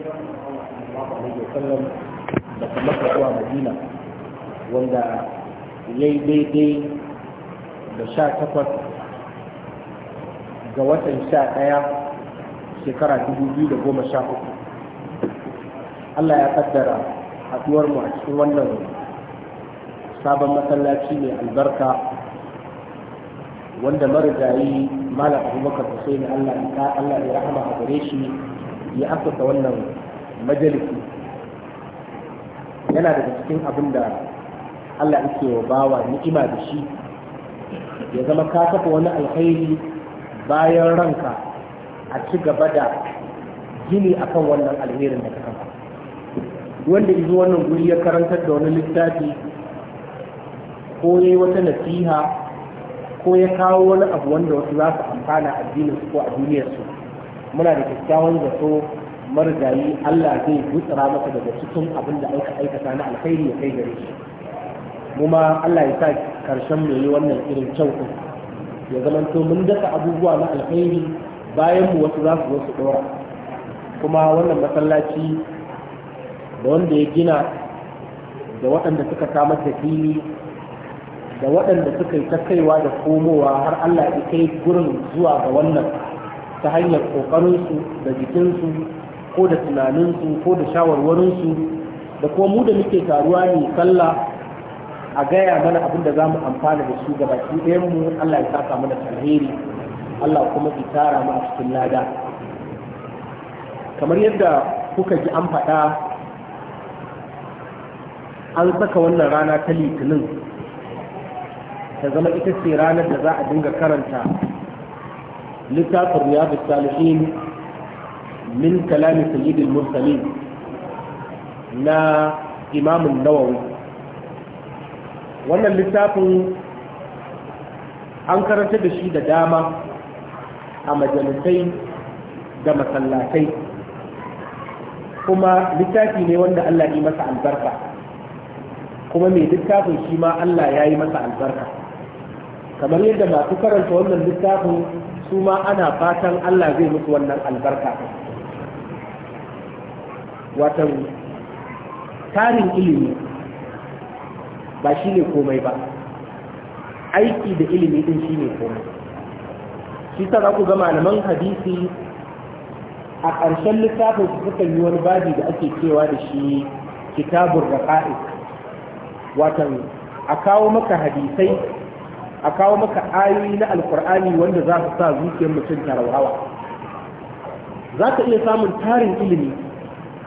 sallam da kamar da madina wanda ya yi daidai da sha takwas ga watan sha ɗaya shekara dubu biyu da goma sha uku Allah ya kaddara haɗuwar mu a cikin wannan sabon masallaci mai albarka wanda marigayi malam abubakar husaini Allah ya Allah ya rahama a gare shi ya asusa wannan majalisi yana daga cikin abin da Allah yake wa bawa ni'ima da shi ya zama ka kafa wani alkhairi bayan ranka a ci gaba da gini akan wannan alherin da ka kafa wanda izo wannan guri ya karantar da wani littafi ko yayi wata nasiha ko ya kawo wani abu wanda wasu za su amfana addinin su ko a su. muna da kyakkyawan zato marigayi Allah zai gutsura masa daga cikin abin da aika aikata na alkhairi ya kai gare shi ma Allah ya sa karshen mu yi wannan irin kyau ya zamanto mun daka abubuwa na alkhairi bayan mu wasu za su zo su dora kuma wannan masallaci da wanda ya gina da waɗanda suka samar da fili da waɗanda suka yi ta kaiwa da komowa har Allah ya kai gurin zuwa ga wannan ta hanyar ƙoƙarinsu da jikinsu ko da tunaninsu ko da shawarwarinsu da kuma mu da muke taruwa ne sallah a gaya mana abin da za mu amfana da su gabaki ɗayan mu Allah ya saka mana alheri Allah kuma ya tara mu a cikin lada kamar yadda kuka ji an faɗa an saka wannan rana ta litinin ta zama ita ce ranar da za a dinga karanta littafin riyadu salihin min kalami sayyidil mursalin na imamun nawawi wannan littafin an karanta da shi da dama a majalisai da masallatai kuma littafi ne wanda Allah yi masa albarka kuma mai littafin shi ma Allah ya yi masa albarka kamar yadda masu karanta wannan littafin su ma ana fatan Allah zai musu wannan albarka watan tarin ilimi ba shi ne komai ba aiki da ilimi din shi ne komai shi ta za ku ga malaman hadisi a ƙarshen littafin su suka yi wani babi da ake cewa da shi kitabun raka'i watan a kawo maka hadisai a kawo maka ayoyi na alkur'ani wanda za su sa zuciyar mutum ta rawawa za ka iya samun tarin ilimi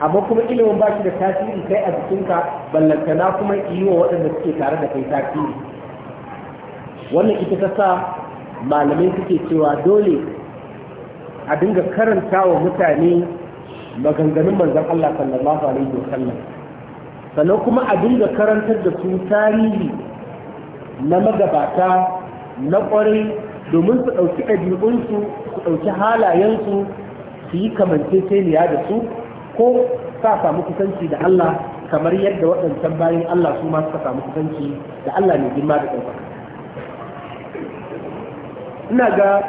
amma kuma ilimin ba shi da tasiri kai a jikinka ballantana kuma yi wa waɗanda suke tare da kai tasiri wannan ita ta sa malamai suke cewa dole a dinga karanta wa mutane maganganun manzan Allah sallallahu alaihi sallam sannan kuma a dinga karantar da su tarihi na magabata na ƙwarai domin su ɗauki ɗabi'unsu su ɗauki halayensu su yi kamanceceniya da su ko sa samu kusanci da Allah kamar yadda waɗancan bayan Allah su ma suka samu kusanci da Allah mai girma da ɗaukaka. Ina ga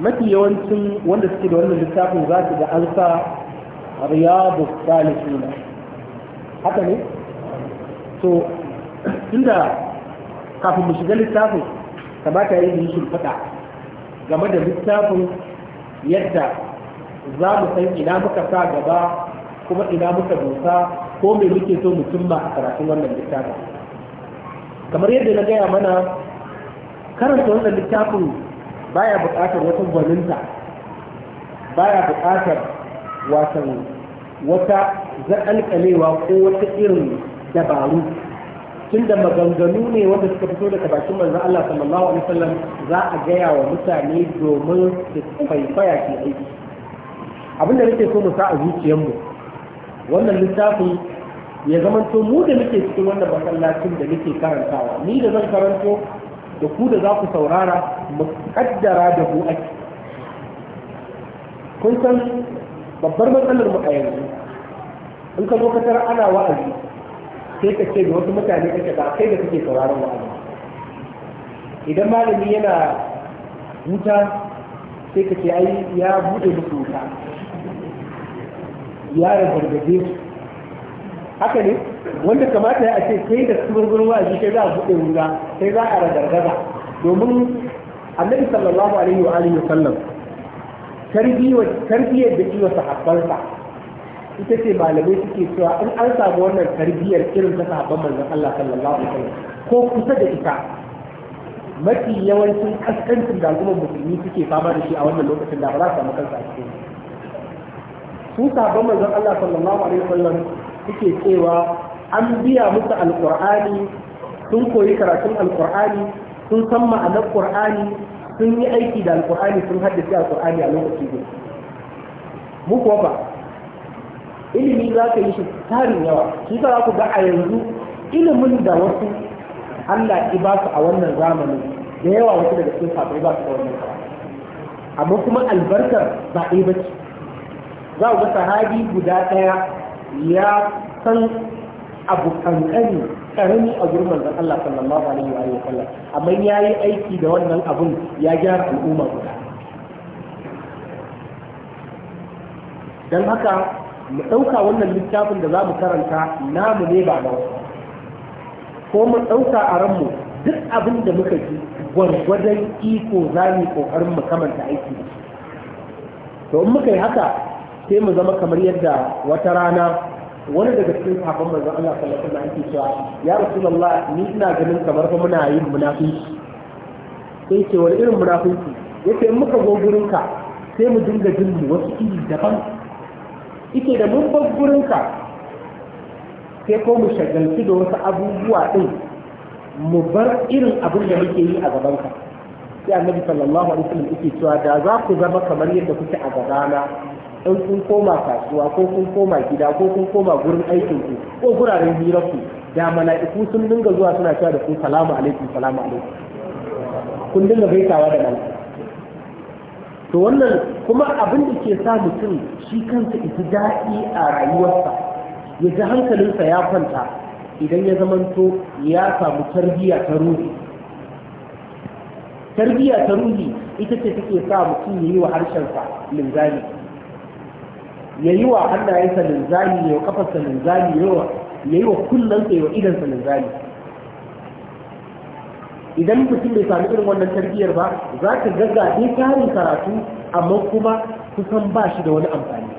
mafi yawancin wanda suke da wannan littafin za su ga an sa riyadu salihuna haka ne? to inda kafin mu shiga littafin kamata ya yi shi faɗa game da littafin yadda za mu san ina muka sa gaba kuma ina muka dosa ko me muke so mu cimma a karatun wannan littafin kamar yadda na gaya mana karanta wannan littafin baya buƙatar wata gwaninta baya buƙatar wasan wata zaƙalƙalewa ko wata irin dabaru tun da maganganu ne wanda suka fito daga bakin manzo Allah sallallahu alaihi wasallam za a gaya wa mutane domin su faifaya ke aiki abin da nake so mu sa a zuciyarmu wannan littafin ya zamanto mu da muke cikin wannan masallacin da muke karantawa ni da zan karanto da ku da za ku saurara mu kaddara da ku aiki. kun san babbar matsalar mu a yanzu in ka zo ka ana wa'azi sai ka ce da wasu mutane kake ba kai da kake sauraron wa'azi idan malami yana wuta sai ka ce ai ya bude musu wuta ya ragargaje su haka ne wanda kamata ya ce kai da su gurgurin wa'azi kai za a bude wuta kai za a ragargaza domin annabi sallallahu alaihi wa alihi wa sallam tarbiyyar da iya sahabbansa ita ce malamai suke cewa in an samu wannan tarbiyyar irin ta sahabban manzon Allah sallallahu alaihi wasallam ko kusa da ita mafi yawancin kaskancin da al'ummar musulmi suke fama da shi a wannan lokacin da ba za su samu kansa a cikin su sahabban manzon Allah sallallahu alaihi wasallam suke cewa an biya musu alqur'ani sun koyi karatun alqur'ani sun san ma'anar qur'ani sun yi aiki da alqur'ani sun haddace alqur'ani a lokaci guda mu kuwa ba ilimi za ka yi shi tarin yawa shi za ku ga a yanzu ilimin da wasu Allah ki ba su a wannan zamani da yawa wasu daga cikin sabai ba su da wannan amma kuma albarkar ba ɗaya ba ce za ku ga sahabi guda ɗaya ya san abu kankani karami a gurin manzon Allah sallallahu alaihi wa sallam amma ya yi aiki da wannan abun ya gyara al'umma guda dan haka mu ɗauka wannan littafin da za mu karanta namu ne ba na wasu ko mu ɗauka a ranmu duk abin da muka ji gwargwadon iko za mu ƙoƙarin mu kamanta aiki da shi to in muka yi haka sai mu zama kamar yadda wata rana wani daga cikin sahabban manzon Allah sallallahu alaihi wasallam yake cewa ya rasulullah ni ina ganin kamar fa muna yin munafiki sai ce wani irin munafiki yace in muka zo gurinka sai mu dinga jin wasu iri daban ita da mun bar sai ko mu shagalci da wasu abubuwa ɗin mu bar irin abin da muke yi a gabanka sai annabi sallallahu alaihi wasallam yake cewa da za ku zama kamar yadda kuke a gabana in kun koma kasuwa ko kun koma gida ko kun koma gurin aikin ku ko guraren hirar ku da mala'iku sun dinga zuwa suna cewa da ku salamu alaikum salamu alaikum kun dinga gaitawa da mala'iku to wannan kuma abin da ke sa mutum shi kansa ita daɗi a rayuwarsa ya ji hankalinsa ya kwanta idan ya zamanto ya samu tarbiyya ta ruhi tarbiyya ta ruhi ita ce take sa mutum ya yi wa harshensa linzami ya yi wa hannayensa linzami ya yi wa kafarsa linzami ya yi wa kullansa ya yi wa idansa linzami idan mutum bai sami irin wannan tarbiyyar ba za ka gaza dai tarin karatu amma kuma kusan ba shi da wani amfani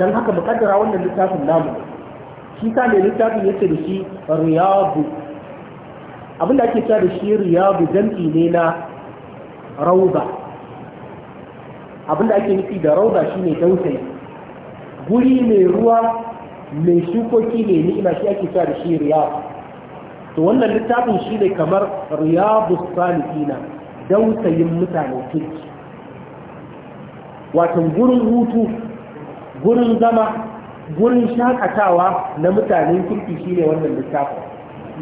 don haka mukaddara wannan littafin namu shi sa mai littafin ya ce da shi riyabu abin da ake cewa da shi riyabu jam'i ne na Rauza. abin da ake nufi da rauda shine dausayi guri mai ruwa mai shukoki ne ni'ima shi ake cewa da shi riyabu to wannan littafin shi ne kamar riyadu salihina dausayin mutane kirki Watan gurin hutu gurin zama gurin shakatawa na mutanen kirki shi ne wannan littafin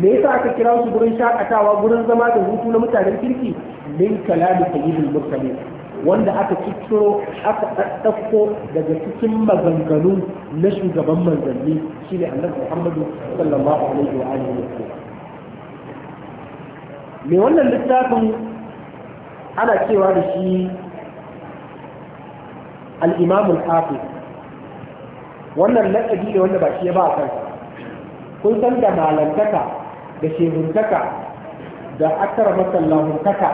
me yasa aka kira su gurin shakatawa gurin zama da hutu na mutanen kirki min kalamu sayyidul mursalin wanda aka cicciro aka ɗaɗɗauko daga cikin maganganu na shugaban manzanni ne annabi Muhammadu sallallahu alaihi wa alihi wa sallam mai wannan littafin ana cewa da shi al'imamun hafi wannan laƙabi ne wanda ba shi ya ba a kansa kun san da malantaka da shehuntaka da akara masallahuntaka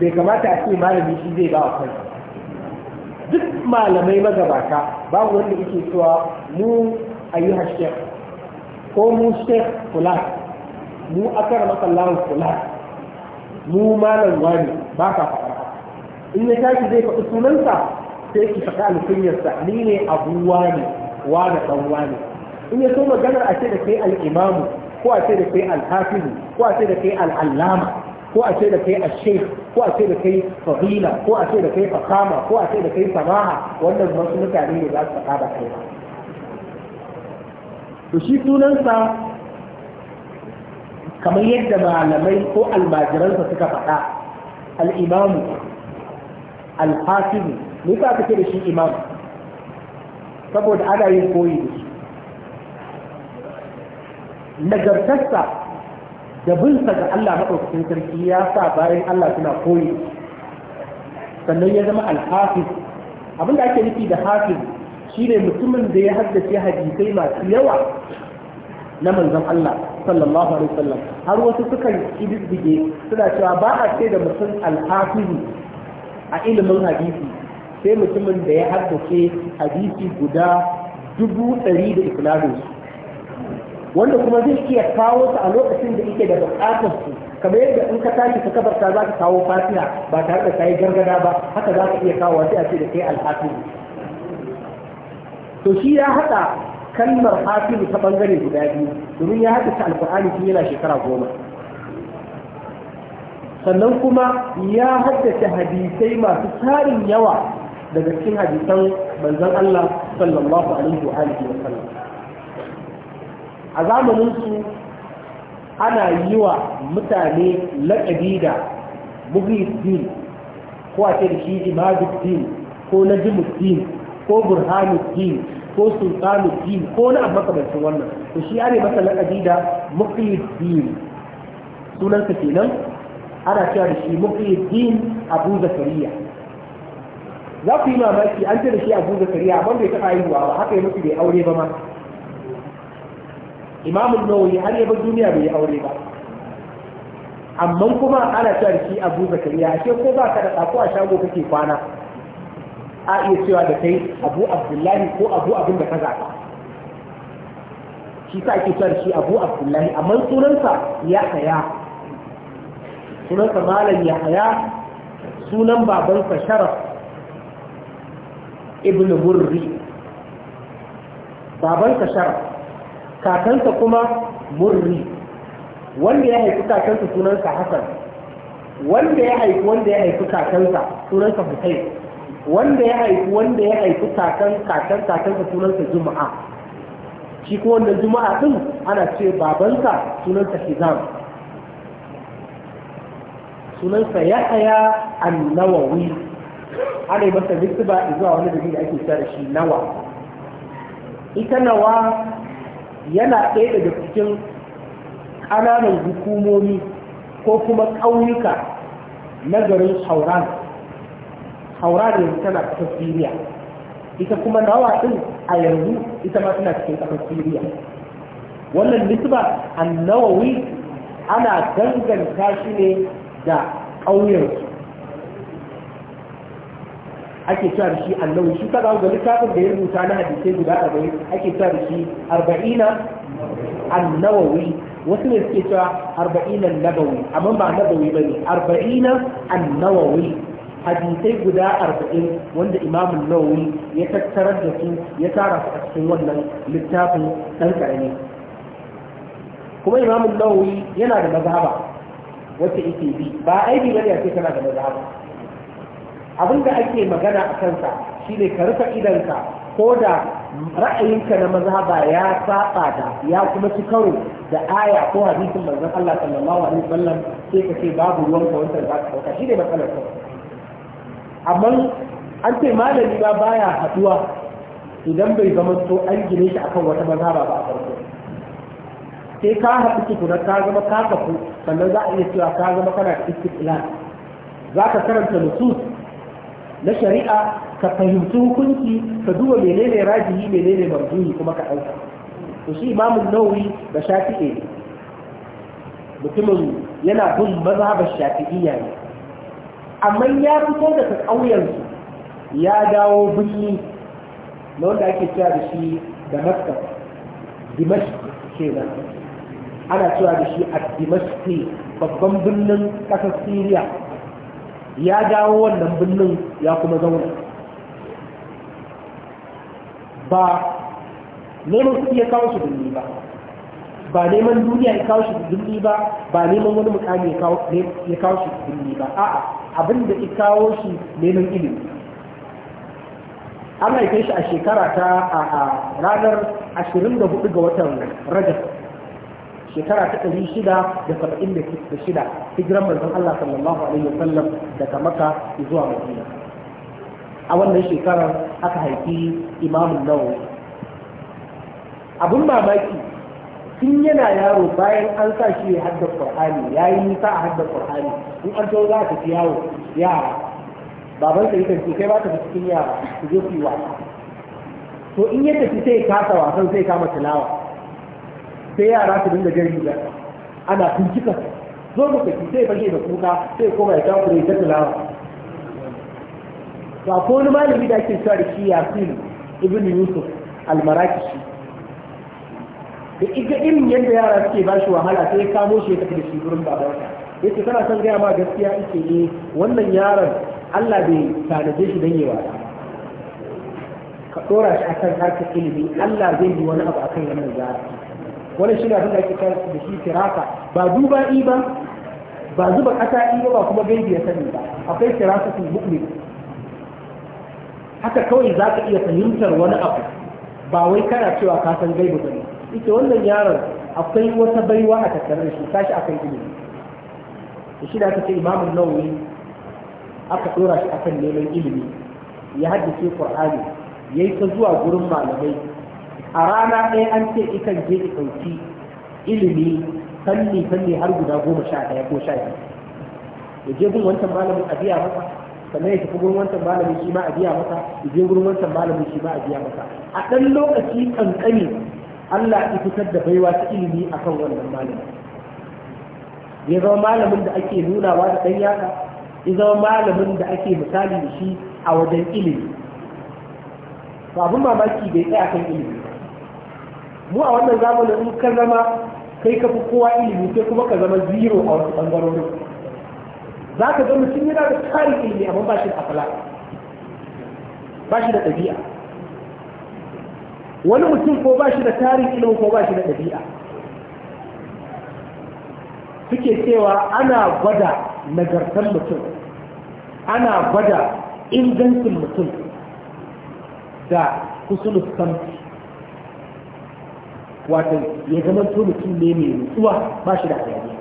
bai kamata a ce malami shi zai ba a duk malamai magabata babu wanda yake cewa mu ayyuhar shek ko mu shek fulan mu akara masallahu kula mu malam wani ba ka faɗa in ya tashi zai faɗi sunansa sai ki faɗa alkunyarsa ni ne abu wani wani ɗan wani in ya so maganar a ce da kai al'imamu ko a ce da kai alhafizu ko a ce da kai al'allama ko a ce da kai ashe ko a ce da kai fadila ko a ce da kai fakama ko a ce da kai samaha wannan wasu mutane ne za su faɗa da kai to shi sunansa kamar yadda malamai ko almajiransa suka faɗa al'imamu alfasibu ne sa kake da shi imam saboda ana yin koyi da shi nagartarsa da binsa ga Allah maɗaukakin sarki ya sa bayan Allah suna koyi sannan ya zama alhafiz abin da ake nufi da hafiz shine mutumin da ya haddace hadisai masu yawa na manzon Allah sallallahu alaihi wasallam har wasu sukan kididdige suna cewa ba a ce da mutum alhafizu a ilimin hadisi sai mutumin da ya haddace hadisi guda dubu ɗari da isnadin wanda kuma zai iya kawo su a lokacin da yake da buƙatar su kamar yadda in ka tashi ka kabarta za ka kawo fatiha ba tare da kayi gargada ba haka za ka iya kawo sai a ce da kai alhafizu to shi ya haɗa kalmar hafizu ta bangare guda biyu domin ya haɗa ta alƙur'ani tun yana shekara goma sannan kuma ya haddace hadisai masu tarin yawa daga cikin hadisan manzon Allah sallallahu alaihi wa wa sallam a zamanin su ana yi wa mutane laƙabi da muhyiddin ko a ce da shi imaduddin ko najimuddin ko burhanuddin ko sultanu din ko wani abu makamancin wannan to shi ana masa laƙabi da muqlid din sunansa kenan ana cewa da shi muqlid din abu zakariya za ku yi mamaki an ce da shi abu zakariya amma bai taɓa haihuwa ba haka ya mutu bai aure ba ma imamun nawawi har ya bar duniya bai yi aure ba amma kuma ana cewa da shi abu zakariya ashe ko ba ka da ko a shago kake kwana a iya cewa da kai abu abdullahi ko abu abin da ka zaɓa shi sa ake cewa shi abu abdullahi amma sunansa ya haya sunansa malam ya haya sunan babansa sharaf ibn murri babansa sharaf kakansa kuma murri wanda ya haifi kakansa sunansa hasan wanda ya haifi wanda ya haifi kakansa sunansa hussein wanda ya haifi wanda ya haifi kakan kakan kakan ka sunansa juma'a shi ko wanda juma'a din ana ce babansa sunansa hizam sunansa ya tsaya annawawi ana yi masa nisba zuwa wani dalili da ake tsara shi nawa ita nawa yana ɗaya daga cikin ƙananan hukumomi ko kuma ƙauyuka na garin hauran? haura tana kasar siriya ita kuma nawa din a yanzu ita ma tana cikin kasar siriya wannan nisba annawawi ana danganta shi ne da ƙauyen. ake cewa da shi annawi shi kaga ga littafin da ya rubuta na hadisai guda arba'in ake cewa da shi arba'ina annawawi wasu ne suke cewa arba'ina nabawi amma ba nabawi ba ne arba'ina annawawi hadisai guda arba'in wanda imamun nawawi ya tattarar da su ya tara su a cikin wannan littafin ɗan ƙarni. kuma imamun nawawi yana da mazhaba wacce ita bi ba aibi ne a ce tana da mazhaba abin da ake magana a kansa shine ka rufe idanka ko da ra'ayinka na mazhaba ya saba da ya kuma ci karo da aya ko hadisin manzon Allah sallallahu alaihi wasallam sai ka ce babu ruwan ka wannan za ka shine matsalar ka amma an ce malami ba baya haduwa idan bai zama so an gine shi akan wata mazhaba ba a farko sai ka haɗu tukuna ka zama ka kafu sannan za a iya cewa ka zama kana istiqlal za ka karanta nusus na shari'a ka fahimci hukunci ka duba menene rajihi menene marjuhi kuma ka ɗauka to shi imamun nawawi da shafi'i mutumin yana bin mazhabar shafi'iyya ne amma ya fito daga ƙauyensu ya dawo birni na wanda ake cewa da shi da maska dimashi kenan ana cewa da shi a dimashki babban birnin ƙasar siriya ya dawo wannan birnin ya kuma zauna ba neman su iya kawo su birni ba ba neman duniya ya kawo shi gindini ba ba neman wani mukami ya kawo shi gindini ba a'a abin da ya kawo shi neman ilimi an haife shi a shekara ta a ranar 24 ga watan rajab shekara ta ɗari shida da saba'in da shida hijiran manzon Allah sallallahu alaihi wa sallam daga Makka zuwa Madina a wannan shekarar aka haifi imamun Nawawi abun mamaki tun yana yaro bayan an sa shi ya hadda qur'ani ya yi nisa a hadda qur'ani in an zo za ka fi yawo yara baban sa yakan ce kai ba ka fi cikin yara ku je ku yi wasa to in ya tafi sai kasa wasan sai kama tilawa sai yara su dinga jan riga ana bincika zo mu tafi sai fage da kuka sai koma ya takure ta tilawa Ba ko wani malami da ake cewa da shi yasin ibn yusuf al-marakishi da ita irin yadda yara suke ba shi wahala sai ya kamo shi ya tafi da shi gurin babansa yace kana son gaya ma gaskiya ike ne wannan yaron Allah bai tanaje shi dan yawa ka dora shi akan harkar ilimi Allah zai yi wani abu akan wannan zara Wani shi ne abin da ake kira da shi firaka ba duba i ba ba zuba kasa i ba kuma gaibi ya sani ba akwai firakatul mu'min haka kawai za ka iya fahimtar wani abu ba wai kana cewa ka san gaibi ba ne ita wannan yaron akwai wata baiwa a tattare da shi tashi akan ilimi da shi da aka ce imamun nawawi aka dora shi akan neman ilimi ya haddace qur'ani yayi ta zuwa gurin malamai a rana ɗaya an ce ikan je ki ɗauki ilimi fanni fanni har guda goma sha ɗaya ko sha biyu ya je gun wancan malamin a biya masa sannan ya tafi gurin wancan malamin shi ma a biya masa ya je gurin wancan malamin shi ma a biya masa a ɗan lokaci kankani Allah ya fitar da baiwa ta ilimi akan wannan malamin ya zama malamin da ake nunawa da ɗan yaka ya zama malamin da ake misali da shi a wajen ilimi ba abin mamaki bai tsaya kan ilimi mu a wannan zamanin in ka zama kai ka fi kowa ilimi sai kuma ka zama zero a wasu ɓangarorin za ka zama cikin yana da tarin ilimi amma ba shi da akala ba shi da ɗabi'a wani mutum ko ba shi da tarihi ilimin ko ba shi da ɗabi'a suke cewa ana gwada nagartar mutum ana gwada ingancin mutum da kusurus samti wato ya zama to mutum ne mai nutsuwa ba shi da hayaniya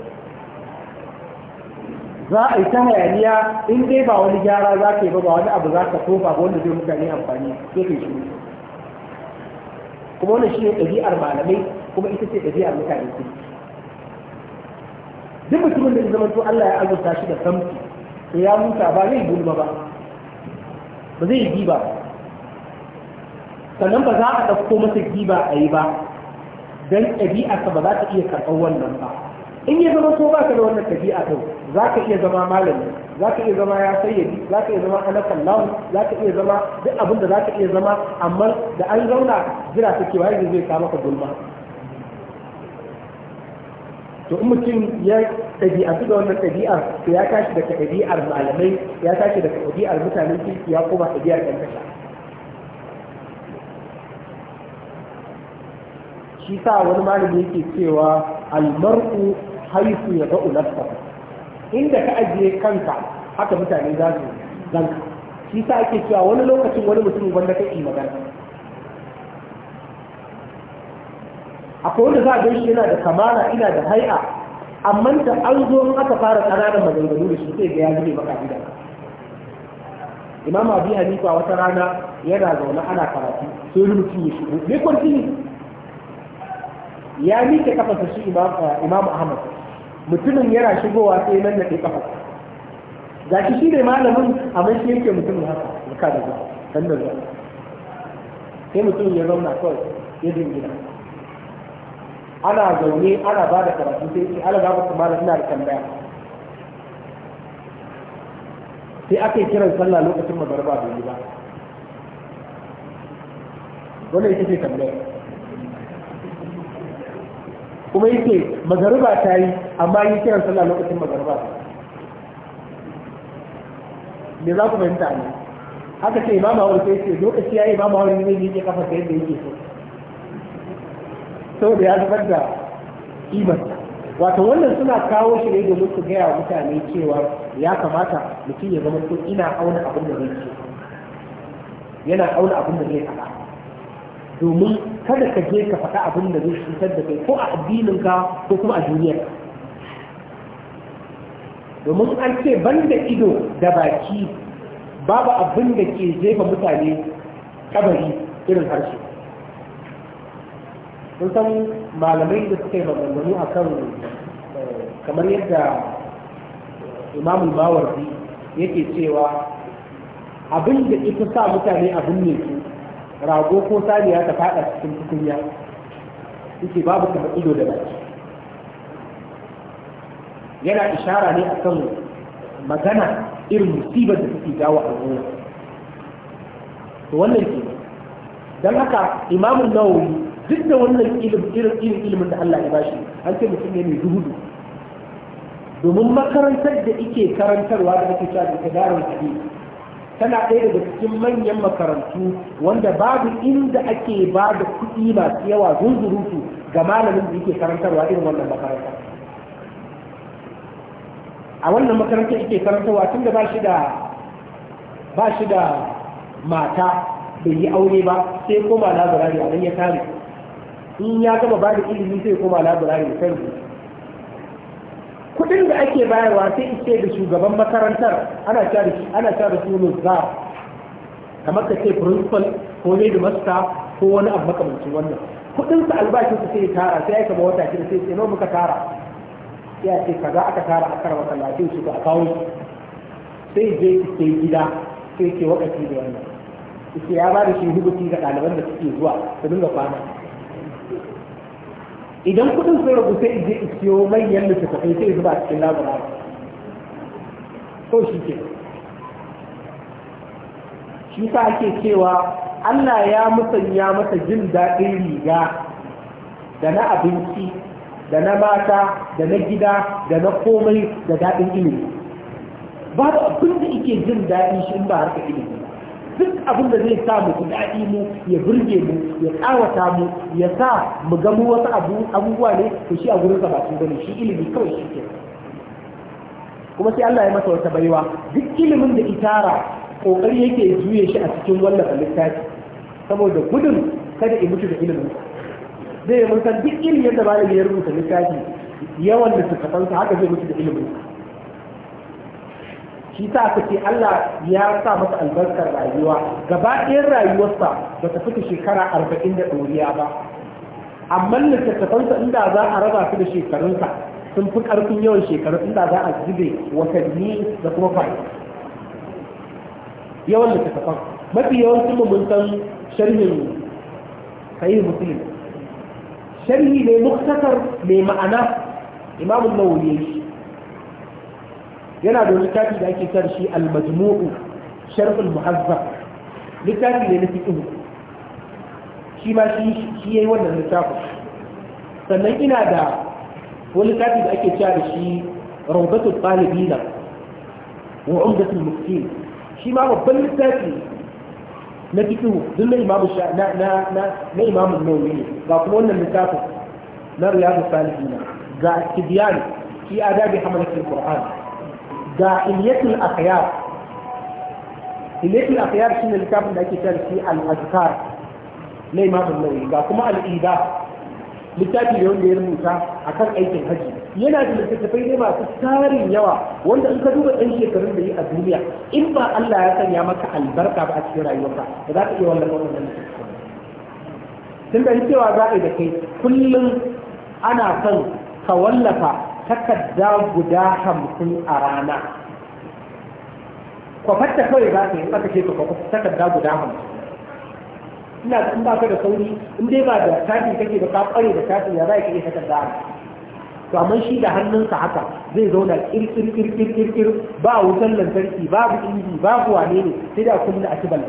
za a yi ta hayaniya in dai ba wani gyara za ka yi ba wani abu za ka tofa ba wanda zai mutane amfani sai ka yi shi kuma wannan shine ɗabi'ar malamai kuma ita ce ɗabi'ar mutane su duk mutumin da zama to Allah ya azurta shi da samti sai ya huta ba zai gulma ba ba zai giba ba sannan ba za a ɗauko masa giba a yi ba don ɗabi'arsa ba za ta iya karɓar wannan ba in ya zama so baka da wannan tafiya kai za ka iya zama malami za ka iya zama ya sayyadi za ka iya zama anakan lawan za ka iya zama duk abin da za ka iya zama amma da an zauna jira ta kewa yanzu zai samu ka gulma to in mutum ya su da wannan ɗabi'ar to ya tashi daga ɗabi'ar malamai ya tashi daga ɗabi'ar mutanen kirki ya koma ɗabi'ar ɗan kasha shi sa wani malami yake cewa almar'u haifu ya ba'u nafsa inda ka ajiye kanka haka mutane za su zanka shi sa ake cewa wani lokacin wani mutum wanda kake magana akwai wanda za a gan yana da kamara ina da hai'a amma da an zo in aka fara ƙananan maganganu da shi sai ga ya zube maka gida imam abi hanifa wata rana yana zaune ana karatu sai wani mutum ya shigo me kwanci ne ya miƙe kafarsa shi eh, imam ahmad mutumin yana shigowa sai nan naɗe kafa ga shi shi ne malamin mai shi yake mutumin haka ka da zuwa da zuwa sai mutumin ya zauna kawai ya jingina ana zaune ana ba da karatu sai ce ala za ku malam ina da tambaya sai aka yi kiran sallah lokacin mabarba bai yi ba wannan ita ce tambaya kuma yake magariba ta yi amma yi kiran sallah lokacin magariba me za ku fahimta ne haka ce imama hawan sai ce lokaci ya yi imama hawan ne yake kafa sai da yake so da ya zubar da imarsa wato wannan suna kawo shi ne domin su gaya mutane cewa ya kamata mutum ya zama ina auna abin da zai ce yana auna abin da zai faɗa domin kada ka je ka faɗa abin da zai cutar da kai ko a addinin ka ko kuma a duniyar domin an ce ban da ido da baki babu abin da ke jefa mutane kabari irin harshe sun san malamai da suka yi maganganu a kan eh, kamar yadda imamu mawardi yake cewa abin da ita sa mutane abin ne su rago ko saniya ta fada cikin tukunya suke babu kamar ido da baki yana ishara ne akan magana irin musibar da suke jawo al'umma to wannan ke don haka imamun nawawi duk da wannan irin ilimin da Allah ya bashi an ce mutum ne mai zuhudu domin makarantar da ike karantarwa da ake cewa da tabarin hadisi tana ɗaya daga cikin manyan makarantu wanda babu inda ake ba da kuɗi masu yawa zunzurutu ga malamin da yake karantarwa irin wannan makaranta a wannan makaranta yake karantarwa tun da ba shi da mata bai yi aure ba sai koma labirari a nan ya kare in ya gama ba da ilimi sai koma labirari da kan kudin da ake bayarwa sai ice da shugaban makarantar ana cewa da ana cewa da su za kamar ka ce principal ko ne da master ko wani abu makamancin wannan kudin sa albashin sa sai tara sai ya kama wata kira sai sai nawa muka tara ya ce kaza aka tara a karwa talatin su ga account sai je ki sai gida sai ke wakati da wannan ya ba da shi hukunci ga ɗaliban da suke zuwa su dinga kwana idan kudin sun rabu sai je siyo manyan littattafai sai zuba cikin labura ko shi ke shi sa ake cewa Allah ya musanya masa jin daɗin riga da na abinci da na mata da na gida da na komai da daɗin ilimi Ba babu abin da ike jin daɗi shi in ba harka ilimi duk abin da zai sa mu daɗi mu ya burge mu ya ƙawata mu ya sa mu ga mu wasu abubuwa ne to shi a gurin sa ba su bane shi ilimi kawai shi ke kuma sai Allah ya masa wata baiwa duk ilimin da itara kokari yake juye shi a cikin wallafa littafi saboda gudun kada ya mutu da ilimin zai mun duk ilimin da ba ya rubuta littafi yawan da su haka zai mutu da ilimin shi sa aka ce Allah ya sa masa albarkar rayuwa gaba ɗayan rayuwarsa ba ta fita shekara arba'in da ɗoriya ba amma littattafansa inda za a raba su da shekarunsa sun fi ƙarfin yawan shekaru inda za a zube watanni da kuma fa'i yawan littattafan mafi yawan mu mun san sharhin sahih muslim sharhi ne muktasar mai ma'ana imamu nawawi yana da littafi da ake sa shi al-majmu'u sharh al-muhazzab littafi ne na fiqh shi ma shi shi yayi wannan littafi sannan ina da wani littafi da ake cewa shi rawdatul talibina wa umdatul muftin shi ma babban littafi na fiqh din na imamu sha na na na imamu nawawi ba kuma wannan littafi na riyadu salihina ga tibyan fi adabi hamalatul qur'an ga iliyatul akhyar iliyatul akhyar shine littafin da ake shi al-azkar na imamu nawawi ga kuma al-ida littafi da wanda ya rubuta akan aikin haji yana da littattafai ne masu tarin yawa wanda in ka duba ɗan shekarun da yi a duniya in ba Allah ya sanya maka albarka ba a cikin rayuwarka ba za ka iya wallafa wannan littattafai tun da cewa za a yi da kai kullum ana son ka wallafa takarda guda hamsin a rana kwafatta kawai za ka yi aka ce ka kwafatta takarda guda hamsin ina da in baka da sauri in dai ba da tafi kake da ka kware da tafi ya za ka iya takarda hamsin to amma shi da hannunsa haka zai zauna kirkir kirkir kirkir ba wutan lantarki babu inji babu wane ne sai da kunna a tibal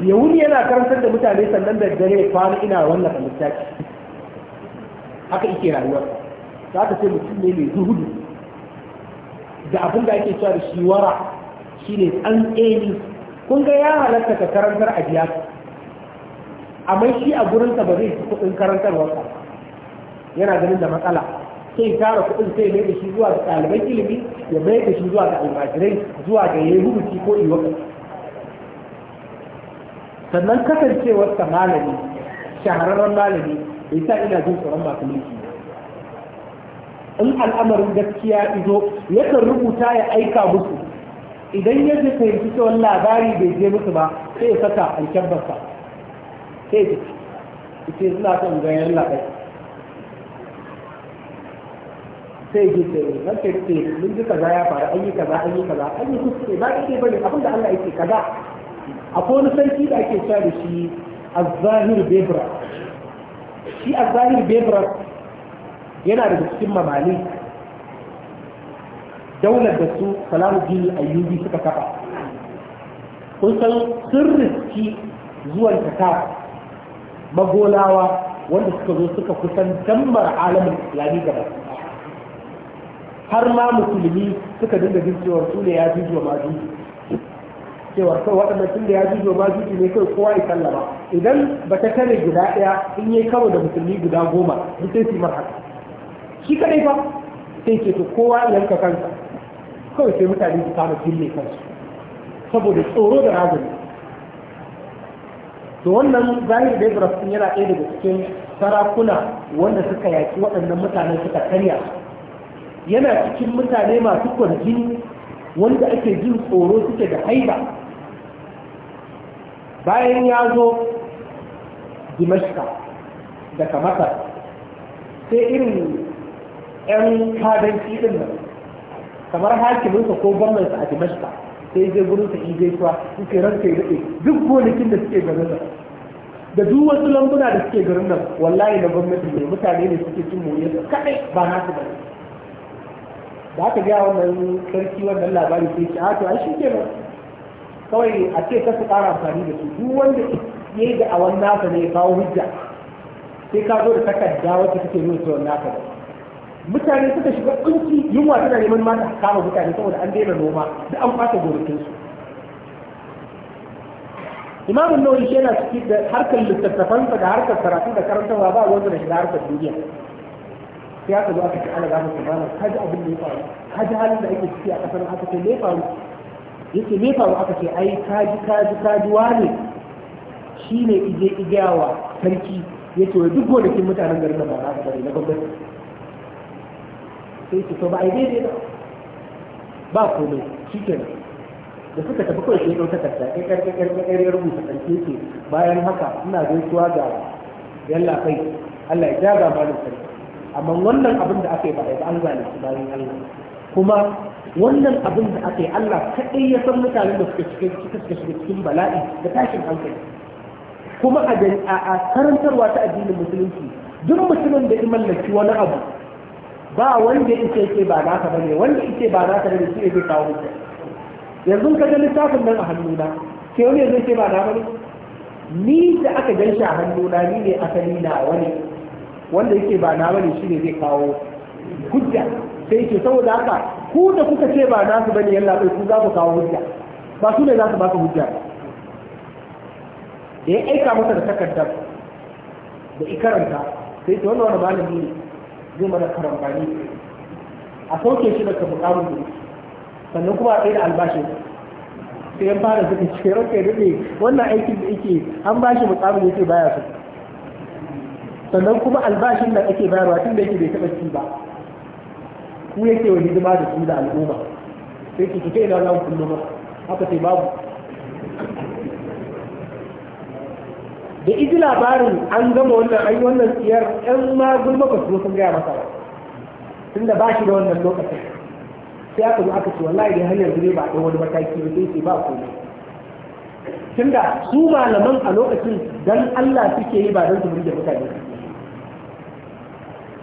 ya wuni yana karantar da mutane sannan da dare kwana ina wannan littafi haka ike rayuwa. za ka ce mutum ne mai zuhudu da abin da ake cewa da shi wara shine an tseni kun ga ya halatta ka karantar a biya amma shi a gurinsa ba zai ci kuɗin karantar wasa yana ganin da matsala sai tara kuɗin sai mai da shi zuwa ga ɗaliban ilimi ya mai da shi zuwa ga almajirai zuwa ga yayi ko iwaka sannan kasancewar malami shahararren malami bai sa ina jin tsoron masu mulki in al'amarin gaskiya izo yakan rubuta ya aika musu idan ya ji fahimci cewa labari bai je musu ba sai ya saka alkyabbarsa sai ya ce suna son ganyar labai sai ya ce sai ka ce mun ji kaza ya faru an yi kaza an yi kaza an yi sai, ba ake bane abinda Allah yake kaza akwai wani sarki da ake cewa da shi a zahir bebra shi a zahir bebra yana da cikin mamali daular da su Salamu a ayyubi suka kafa kun san sun riski zuwan kaka magolawa wanda suka zo suka kusan dambar alamin islami gaba har ma musulmi suka dinga jin cewa su ne ya jujuwa ma juju cewa kai waɗannan tun da ya jujuwa ma juju ne kai kowa ya sallama idan ba ta kare guda ɗaya in yi kawo da musulmi guda goma duk sai su yi haka shi kadai ba sai ke to kowa yanka kansa kawai sai mutane su fara fille kansu saboda tsoro da razani to wannan zahir da sun yana ɗaya daga cikin sarakuna wanda suka yaki waɗannan mutanen suka karya yana cikin mutane masu kwarjini wanda ake jin tsoro suke da haiba bayan ya zo dimashka daga masar sai irin 'yan kadanci ɗin nan kamar hakiminsa ko gwamnansa a dimashka sai je gurin sa in gaisuwa in kai ranka ya daɗe duk gonakin da suke garin nan da duk wasu lambuna da suke garin nan wallahi na gwamnati ne mutane ne suke cin moriyarsa kadai ba na su bane da aka gaya wannan sarki wannan labari sai ce a to ai shike ba kawai a ce ka su kara amfani da su duk wanda ya yi da awon nasa ne ya kawo hujja sai ka zo da takarda wacce take nuna cewa nasa ne mutane suka shiga kunci yunwa tana neman mata kama mutane saboda an daina noma da an fata gonakinsu imamun nawawi shi yana ciki da harkar littattafansa da harkar karatu da karantarwa ba wanda da shiga harkar duniya sai aka zo aka ce ana gafar sabana kaji abin da ya faru kaji halin da ake ciki a kasar aka ce me faru yake me faru aka ce ai kaji kaji kaji ji ka ji wane shine ije igiyawa sarki yake wa duk gonakin mutanen garin da ba za su bari na gwamnati sai su to ba a yi daidai ba ba komai shi nan da suka tafi kawai sai ɗauka takarda kai karfe karfe karfe rubuta karfe ce bayan haka ina gaisuwa ga yalla kai Allah ya jaga da sarki amma wannan abin da aka yi ba a yi ba an su bayan Allah kuma wannan abin da aka yi Allah kaɗai ya san mutanen da suka suka shiga cikin bala'i da tashin hankali kuma a karantarwa ta addinin musulunci duk mutumin da ya mallaki wani abu ba wanda ita yake ba ka bane wanda ce ba ka bane shi yake kawo muku yanzu ka ga littafin nan a hannuna ke wani yanzu ce ba na bane ni da aka gan shi a hannuna ni ne asali na wani wanda yake ba na bane shi ne zai kawo hujja sai ce saboda haka ku da kuka ce ba nasu bane yalla sai ku za ku kawo hujja ba su ne za su ka hujja da ya aika masa da takardar da ikaranta sai ta wannan wani malami ne zai mana karambani a sauke shi daga mukamin da sannan kuma a tsaye da albashin sai yan fara suka ce ranka ya daɗe wannan aikin da ake an ba shi mukamin ke baya su sannan kuma albashin da ake bayarwa tun da yake bai taɓa ci ba ku yake wa hidima da su da al'umma sai ki kai ina za mu haka sai babu da iji labarin an gama wannan an yi wannan tsiyar yan ma gulma ba su zo sun gaya masa ba tun da ba shi da wannan lokacin sai aka zo aka ce wallahi dai hanyar gure ba a wani mataki ba sai ba komai tun da su malaman a lokacin dan Allah suke yi ba don su burge mutane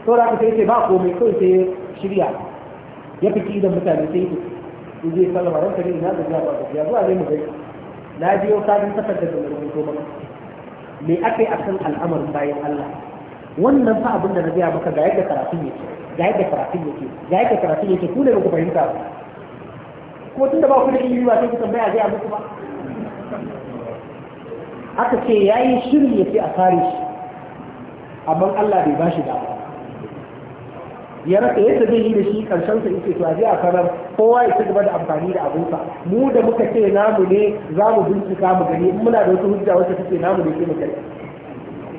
to da aka sai ce ba komai kawai sai shirya ya fi idan mutane sai ku in zai sallama ka ne ina da zuwa ba zuwa zai mu gaisa na biyo kafin takardar da na rubuto maka me aka yi a kan al'amarin bayan Allah wannan fa abin da na gaya maka ga yadda karatun yake ga yadda karatun yake ga yadda karatun yake ku ne ku fahimta ba ko tun da ba ku da ilimi ba sai ku tambaya zai muku ba aka ce yayi shiri yace a kare shi amma Allah bai shi dama ya rasa yadda zai yi da shi karshen sa yake to a sanar a karar kowa ya cigaba gaba da amfani da abinsa mu da muka ce namu ne za mu bincika mu gani in muna da wata hujja wacce take namu ne sai mu kai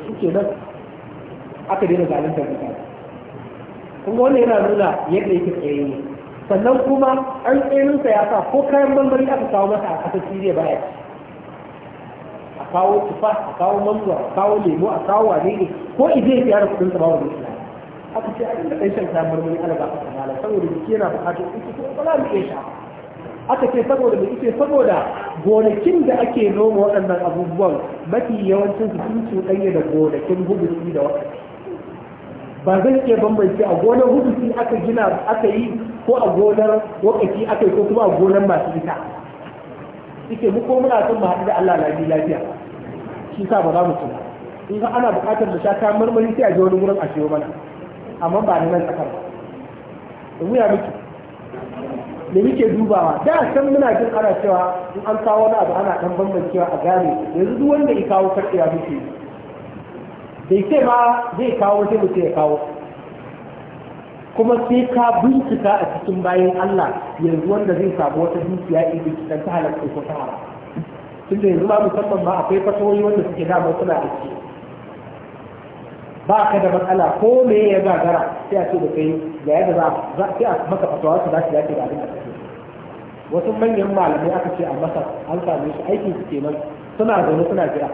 shi ke nan aka daina zalunta mutane kun ga wannan yana nuna yadda yake tsaye ne sannan kuma an tsayin sa ya sa ko kayan bambari aka kawo masa a kasar Siriya baya a kawo tufa a kawo mangwa a kawo lemo a kawo wane ne ko ije ya tsaya da kudin sa ba aka ce a inda ɗan shan kayan marmari ana ba ka kamala saboda jiki yana buƙatar ita kuma ba za mu iya sha aka ce saboda mai ita saboda gonakin da ake noma waɗannan abubuwan mafi yawancin su sun cuɗanya da gonakin hubusi da wata. ba zan iya bambance a gonar hubusi aka gina aka yi ko a gonar wakaki aka yi ko kuma a gonar masu ita ike mu ko muna son mu haɗu da Allah lafi lafiya shi sa ba za mu tuna in ana buƙatar da sha ta marmari sai a ji wani wurin a siyo mana amma ba ni nan tsakar ba da wuya muke da muke dubawa da san muna jin ana cewa in an kawo wani abu ana dan cewa a gane yanzu duk wanda ya kawo ya muke bai ce ba zai kawo sai mutum ya kawo kuma sai ka bincika a cikin bayan Allah yanzu wanda zai samu wata dukiya idan kitan ta halatta ko ta tunda yanzu ma musamman ma akwai fasahohi wanda suke dama suna da shi. ba ka da matsala ko me ya gagara sai a ce da kai ga yadda za sai a maka fatawa su za su dace da abin da kake wasu manyan malamai aka ce a masa an same shi aikin su kenan suna zaune suna jira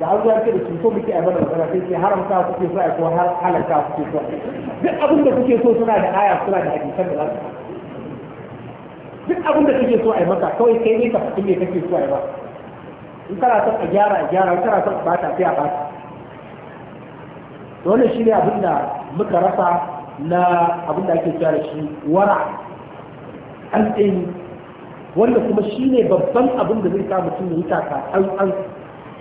da an zuwa da su so muke a mana magana sai ce haramta kuke so a ko halarta halaka ke so duk abin da kuke so suna da aya suna da hadisan da za su duk abin da kake so a yi maka kawai kai ne ka faɗi me kake so a yi ba in kana son a gyara a gyara in kana son a bata sai a bata wannan shi ne abin da muka rasa na abin da ake cewa da shi wara an tsayi wanda kuma shi ne babban abin da zai sa mutum ya yi taka an an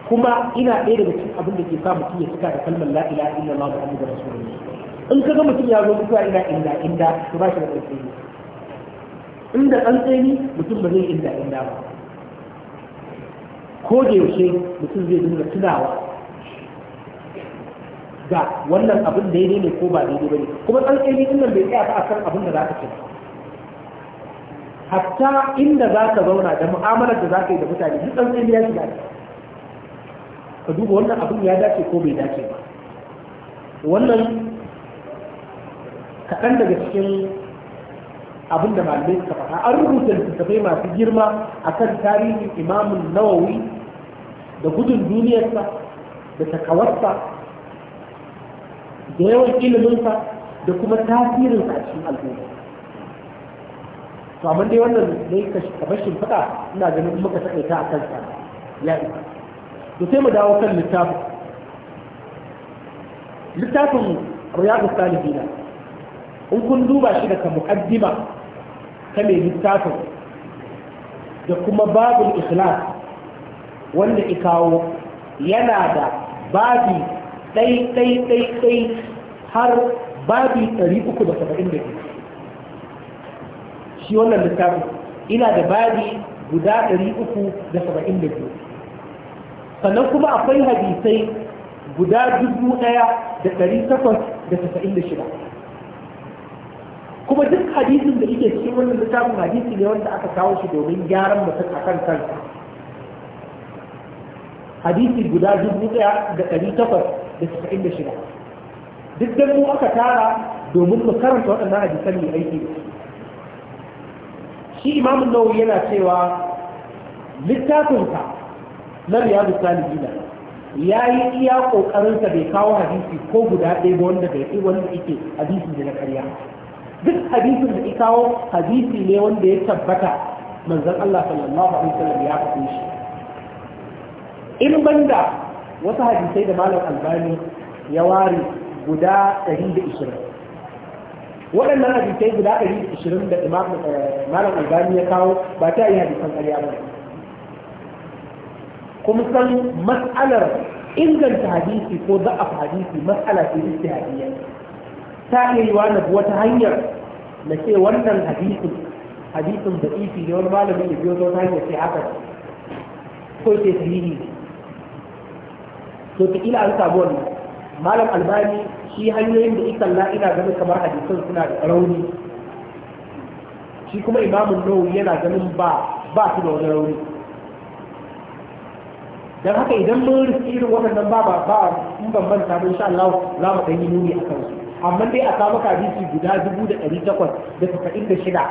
kuma ina ɗaya daga cikin abin da ke sa mutum ya cika da kalmar la ilaha illallah muhammadur rasulullah in ka ga mutum ya zo mutuwa ina inda inda to ba shi da ƙarfi inda ɗan tsayi mutum ba zai inda inda ba ko da yaushe mutum zai dinga tunawa ga wannan abin daidai ne ko ba daidai ba ne kuma ɗan ƙaimi ɗin nan bai tsaya ba akan abin da za ka ce hatta inda za ka zauna da mu'amalar da za ka yi da mutane duk ɗan ƙaimi ya shiga ka duba wannan abin ya dace ko bai dace ba wannan kaɗan daga cikin abin da malamai suka faɗa an rubuta littattafai masu girma akan tarihin imamun nawawi da gudun duniyarsa da takawarsa da yawan iliminsa da kuma tasirin a cikin al'umma to amma dai wannan ka ya kamar fada ina ganin muka ta a kansa ya to sai mu dawo kan littafin littafin riyadu salihina in kun duba shi daga muƙaddima ta mai littafin da kuma babul ikhlas wanda ikawo yana da babi Dai-dai-dai-dai har babi 372 shi wannan littafin ina da babi guda 372 sannan kuma akwai hadisai guda 1896 kuma duk hadisin da yake cikin wannan littafin hadisi ne wanda aka kawo shi domin gyaran mutum a kan kansa hadisi guda 1896 da aka tara domin mu karanta waɗannan hadisan mai aiki shi imamun nawawi yana cewa littafinka na riyadu salihina ya yi iya ƙoƙarinsa bai kawo hadisi ko guda ɗaya ba wanda bai wanda yake hadisi da na karya duk hadisin da ya kawo hadisi ne wanda ya tabbata manzon Allah sallallahu alaihi wasallam ya faɗi shi in banda wasu hadisai da malam albani ya ware guda 120 waɗannan hadisai guda 120 da malam albani ya kawo ba ta yi hadisan ƙarya ba kuma san mas'alar inganta hadisi ko za'af hadisi mas'ala ce ta istihadiyya ta iya yiwa na wata hanyar na ce wannan hadisin hadisin da ifi ne wani malamin da biyo ta hanyar ce haka ko ce sahihi ne to ta ila an samu wannan malam albani shi hanyoyin da ikan la ina ganin kamar hadisan suna da rauni shi kuma imamun nawawi yana ganin ba ba su da wani rauni dan haka idan mun rufe irin waɗannan ba ba ba in ban manta ba insha Allah za mu ɗan yi nuni a kansu amma dai a samu hadisi guda dubu da ɗari takwas da da shida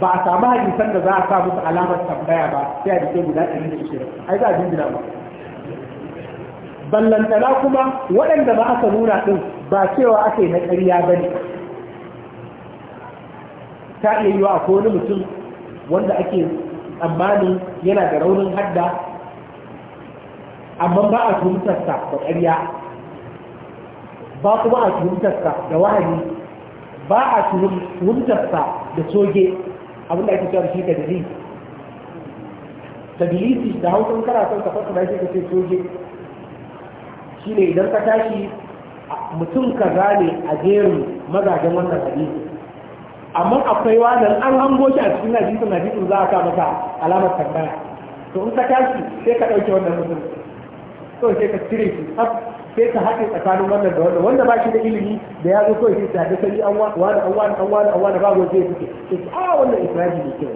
ba a samu hadisan da za a sa musu alamar tambaya ba sai a guda ɗari da ai za a jinjina ba ballantana kuma waɗanda ba aka nuna ɗin ba cewa aka yi na ƙarya ba ne ta iya yiwa a wani mutum wanda ake tsammanin yana da raunin hadda amma ba a tuhumtarsa da ƙarya ba kuma a tuhumtarsa da wahani ba a tuhumtarsa da soge abinda ake cewa shi da dalili da dalili da hausan karatun kafa kuma shi ka ce soge shine idan ka tashi mutum ka gane a jerin mazajen wannan hadisi amma akwai wadan an hango shi a cikin hadisin hadisin za a sa maka alamar tambaya to in ka tashi sai ka ɗauke wannan mutum to sai ka cire shi sai ka haɗe tsakanin wannan da wannan wanda ba shi da ilimi da ya zo kawai sai ta da sani an wani an wani an wani an wani babu zai suke sai ce a ah, wannan isra'i ne kyau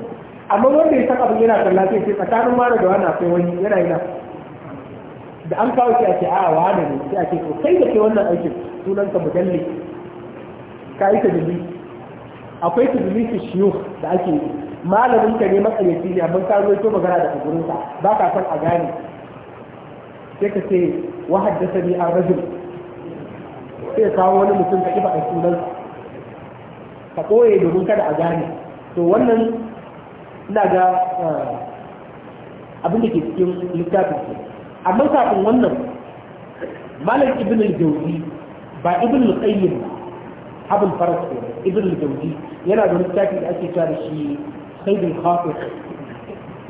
amma wanda ya san abin yana kan sai tsakanin mara da wani akwai wani yana yana da an kawo shi ake awa ah, da ne sai ake so, kai da ke wannan aikin sunanka mujalli ka yi tajili akwai tajili su shiyu da ake yi malamin ka ne matsayi ne abin ka zo magana da kugurinsa ba ka san a gane sai ka ce wa haddasa ni an rajin sai kawo wani mutum ka kifa a sunansa ka koye domin kada a gane to wannan ina ga eh, abin da ke cikin littafin amma kafin wannan malam ibn al-jawzi ba ibn al-qayyim abul faras ko ibn al-jawzi yana da littafi da ake cewa shi sayyid al khatir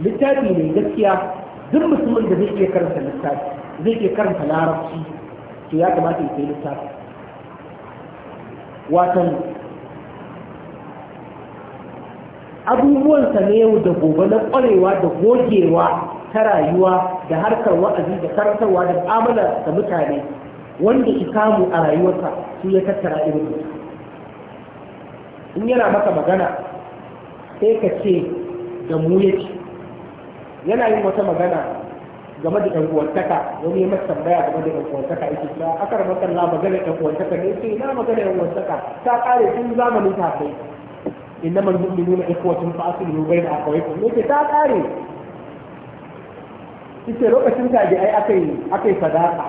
littafi ne gaskiya duk musulmin da zai iya karanta littafi zai iya karanta larabci to ya kamata ya kai littafi watan abubuwansa na yau da gobe na kwarewa da gogewa ta rayuwa da harkar wa'azi da karantarwa da mu'amala da mutane wanda ki samu a rayuwarsa su ya tattara irin in yana maka magana sai ka ce da mu yake yana yin wata magana game da ɗan uwantaka wani ya masa tambaya game da ɗan uwantaka yake cewa akar makalla magana ɗan uwantaka ne sai na magana ɗan uwantaka ta ƙare tun zamanin ta kai innamal mu'minuna ikhwatun fa bayna aqwaykum yake ta ƙare ita lokacin da aka yi akai akai sadaka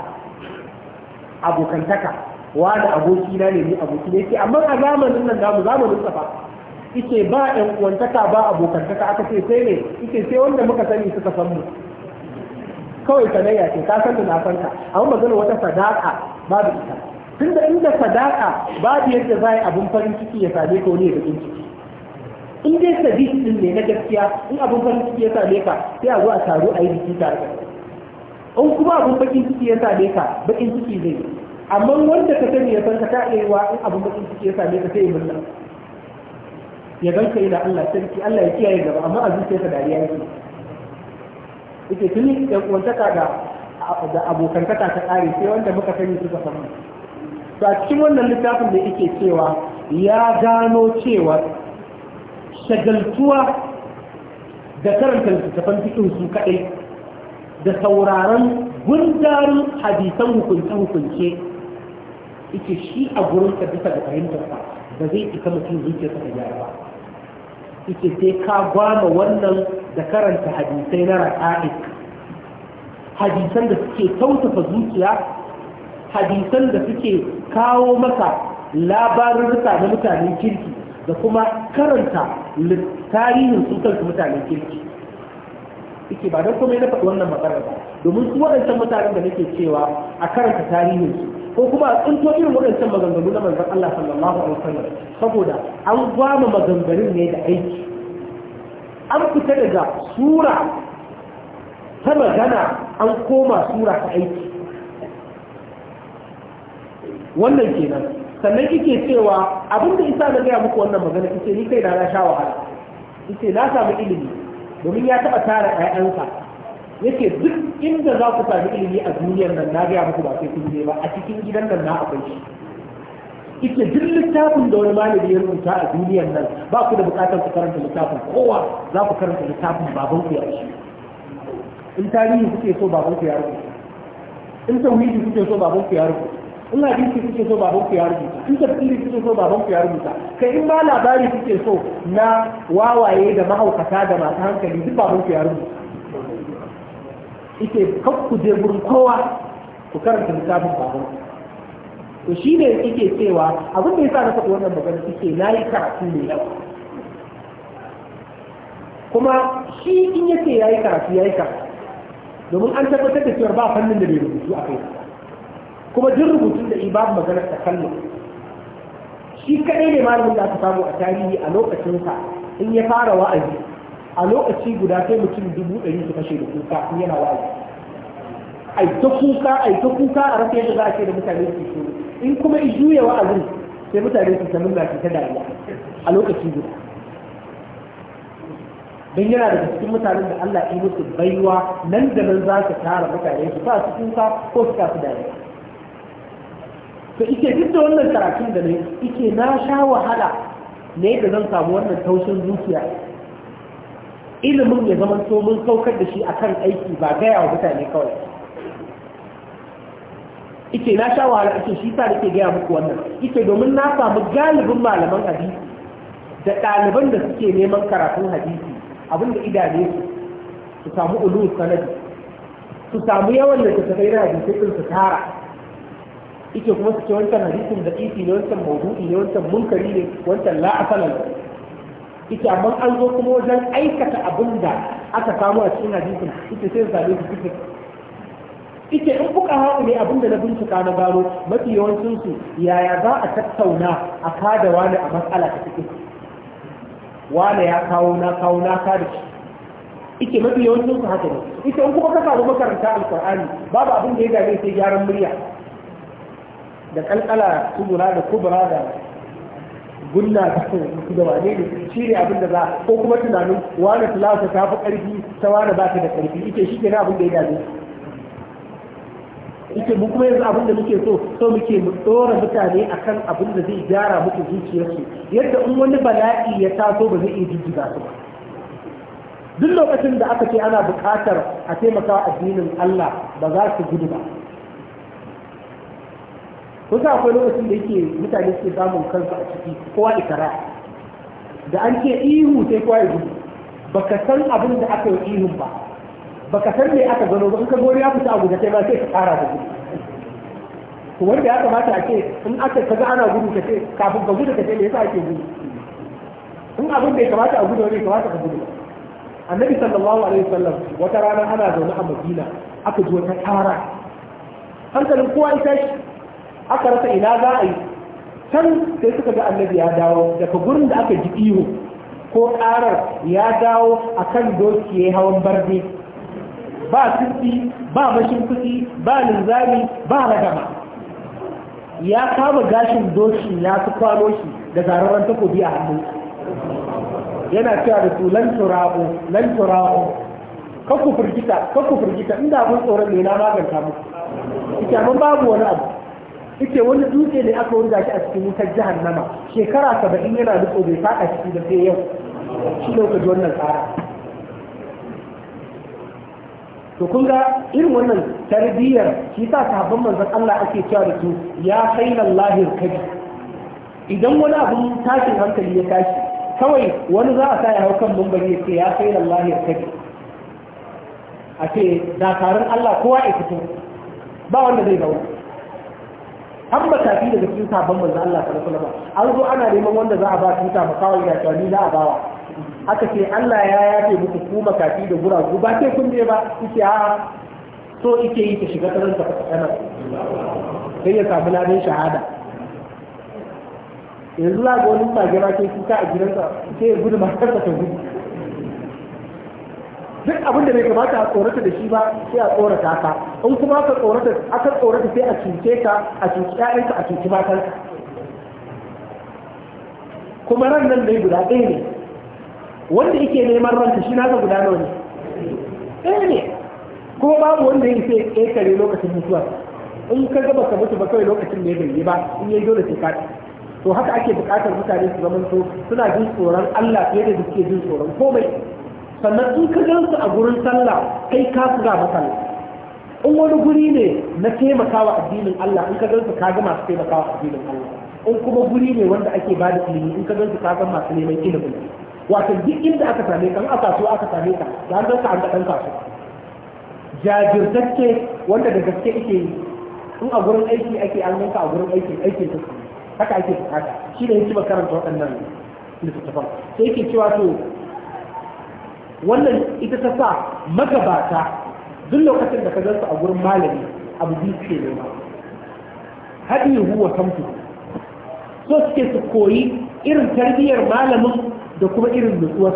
abokantaka wa da aboki na ne ni aboki ne ke. amma a zamanin nan namu zamanin tsafa. ike ba ɗan uwantaka ba abokantaka aka ce sai ne ike sai wanda muka sani suka san mu kawai sanayya ce ka san da na san ka amma magana wata sadaka babu ita tunda inda sadaka babu yadda za a yi abun farin ciki ya same ka wani ya bakin ciki in dai sadis din ne na gaskiya in abin farin ciki ya same ka sai a zo a taro a yi biki tare da in kuma abin bakin ciki ya same ka bakin ciki zai yi amma wanda ka sani ya san ka ta iya in abin bakin ciki ya same ka sai yi murna ya ganka da Allah sarki Allah ya kiyaye gaba amma a zuciyarsa dariya yake yake tun yan uwantaka da da abokantaka ta kare sai wanda muka sani suka samu to a cikin wannan littafin da yake cewa ya gano cewa shagaltuwa da karanta littattafan cikin su kaɗai da sauraron gundarin hadisan hukunce-hukunce ita shi a gurin ka bisa da fahimtarsa ba zai isa mutum zuciyarsa ta gyara ba ita sai ka gwama wannan da karanta hadisai na raka'ik hadisan da suke tautafa zuciya hadisan da suke kawo maka labarurruka na mutanen kirki da kuma karanta tarihin su mutanen kirki ike ba don kuma na faɗi wannan matsalar ba domin su waɗancan mutanen da nake cewa a karanta tarihin su ko kuma a tsinto irin waɗancan maganganu na manzan Allah sallallahu alaihi wasallam saboda an gwama maganganun ne da aiki an fita daga sura ta magana an koma sura ta aiki wannan kenan sannan kike cewa abin da isa na gaya muku wannan magana kike ni kai na sha wahala kike na samu ilimi domin ya taɓa tara ƴaƴansa yake duk inda za ku sami ilimi a duniyar nan na gaya muku ba sai kun je ba a cikin gidan nan na akwai shi ita duk littafin da wani malami ya rubuta a duniyar nan ba ku da bukatar ku karanta littafin kowa za ku karanta littafin baban ku ya rushe in tarihi kuke so baban ku ya rubuta in tauhidi kuke so baban ku ya rubuta in hadisi kuke so baban ku ya rubuta in tsiri kuke so baban ku ya rubuta kai in ba labari kuke so na wawaye da mahaukata da masu hankali duk baban ku ya rubuta ike kan ku je gurin kowa ku karanta littafin baban to shi ne ike cewa abin da yasa na faɗi wannan magana suke na yi karatu ne yau kuma shi in yace ya yi karatu ya yi karatu domin an tabbatar da cewa ba fannin da bai rubutu a kai kuma duk rubutun da babu maganar takallum shi kadai ne malamin da aka samu a tarihi a lokacin lokacinsa in ya fara wa'azi a lokaci guda sai mutum dubu ɗari su kashe da kuka in yana wa'azi ai ta kuka ai ta kuka a rasa yadda za a ce da mutane su so in kuma i juya wa'azin sai mutane su samu na ta dariya a lokaci guda don yana daga cikin mutanen da Allah ya musu baiwa nan da nan za ka tara mutane su ba su kuka ko su ka su dariya to ike duk da wannan karatun da ne ike na sha wahala ne da zan samu wannan taushin zuciya ilimin ya zama to mun saukar da shi a kan aiki ba gaya wa mutane kawai ike na sha wahala ake shi sa nake gaya muku wannan ike domin na samu galibin malaman hadisi da ɗaliban da suke neman karatun hadisi abinda idane su su samu ulu sanadi su samu yawan da ta kai na hadisi su tara yake kuma su ce wancan hadisin da isi ne wancan maudu'i ne wancan munkari ne wancan la'asalar. ita amma an zo kuma wajen aikata abin da aka samu a cikin hadisin ita sai zabe su fitar ita in buka haɗu ne abin da na bincika na gano mafi yawancin su yaya za a tattauna a kada wani a matsala ta cikin wani ya kawo na kawo na kada shi ike mafi yawancin su haka ne ita in kuma ka samu makaranta alkur'ani babu abin da ya dame sai gyaran murya da kalkala kubura da kubura da gunna da su da wane ne shi ne abin da za ko kuma tunanin wani fulasa ta fi ƙarfi ta wane ba ta da ƙarfi ita shi ke na abin da ya dame ita mu kuma yanzu abin da muke so so muke mu tsora mutane akan abin da zai gyara muku zuciyarsu yadda in wani bala'i ya taso ba zai iya jijjiga su ba duk lokacin da aka ce ana buƙatar a taimaka addinin Allah ba za su gudu ba ko sa akwai lokacin da yake mutane suke samun kansu a ciki kowa ikara da an ce ihu sai kowa ya gudu baka san abin da aka yi ihun ba baka san me aka gano ba in ka gori ya fita a da sai ma sai ka fara da gudu to wanda ya kamata a ce in aka kaga ana gudu ka ce kafin ka gudu ka ce me yasa ake gudu in abin bai kamata a gudu ne kamata ka gudu annabi sallallahu alaihi wasallam wata rana ana zaune a madina aka ji wata kara hankalin kowa ya tashi aka rasa ina za a yi can sai suka ga annabi ya dawo daga gurin da aka ji ihu ko karar ya dawo a kan doki ya yi hawan barbe ba tuki ba mashin kuɗi ba linzami ba ragama ya kama gashin doki ya su kwano shi da zararren takobi a hannu. yana cewa da su lan turabu lan turabu kakku firgita kakku firgita inda abin tsoron ne na maganta muku ita babu wani abu yake wani dutse ne aka wurga shi a cikin wutar nama. shekara saba'in yana da bai faɗa ciki da sai yau shi ne wannan tsara to kun ga irin wannan tarbiyyar shi sa sahabban manzon Allah ake cewa da su ya khairal lahir kaji idan wani abun tashin hankali ya tashi kawai wani za a sa ya hau kan mumbari ya ce ya khairal lahir kaji a ce dakarun Allah kowa ya fito ba wanda zai zauna ba tafi daga cikin sabon manzo Allah sallallahu alaihi wasallam an zo ana neman wanda za a ba ta makawai da tani za a bawa aka ce Allah ya yafe muku ku makafi da guragu ba sai kun je ba kike a so ike yi ta shiga tarin ta kana sai ya samu ladan shahada yanzu za ga wani magira ke kuka a gidansa sai gudu matarsa ta gudu duk abin da bai kamata a tsorata da shi ba sai a tsorata ka in kuma aka tsorata aka tsorata sai a cuce ka a cuci ƴaƴanka a cuci matanka kuma ran nan dai guda ɗaya ne wanda yake neman ranta shi naka guda nawa ne ɗaya ne kuma babu wanda ya sai kare lokacin mutuwa in ka gaba ka mutu ba kawai lokacin da ya yi ba in yayi dole sai ka to haka ake buƙatar mutane su zama to suna jin tsoron Allah fiye da suke jin tsoron komai sannan in ka gansu a gurin sallah kai ka ga masallah in wani guri ne na taimakawa addinin Allah in ka gansu ka ga masu taimakawa addinin Allah in kuma guri ne wanda ake ba da ilimi in ka gansu ka ga masu neman ilimin wato duk inda aka same ka in a aka same ka da an ganka an ga dan kasu jajirtacce wanda da gaske ake yi in a gurin aiki ake an ganka a gurin aiki aiki ta haka ake bukata shi ne yake makaranta waɗannan littattafan sai yake cewa to wannan ita ta sa magabata duk lokacin da ka zarta a gurin malami abu biyu ke ne ba haɗi huwa kamtu so suke su koyi irin tarbiyyar malamin da kuma irin nutsuwar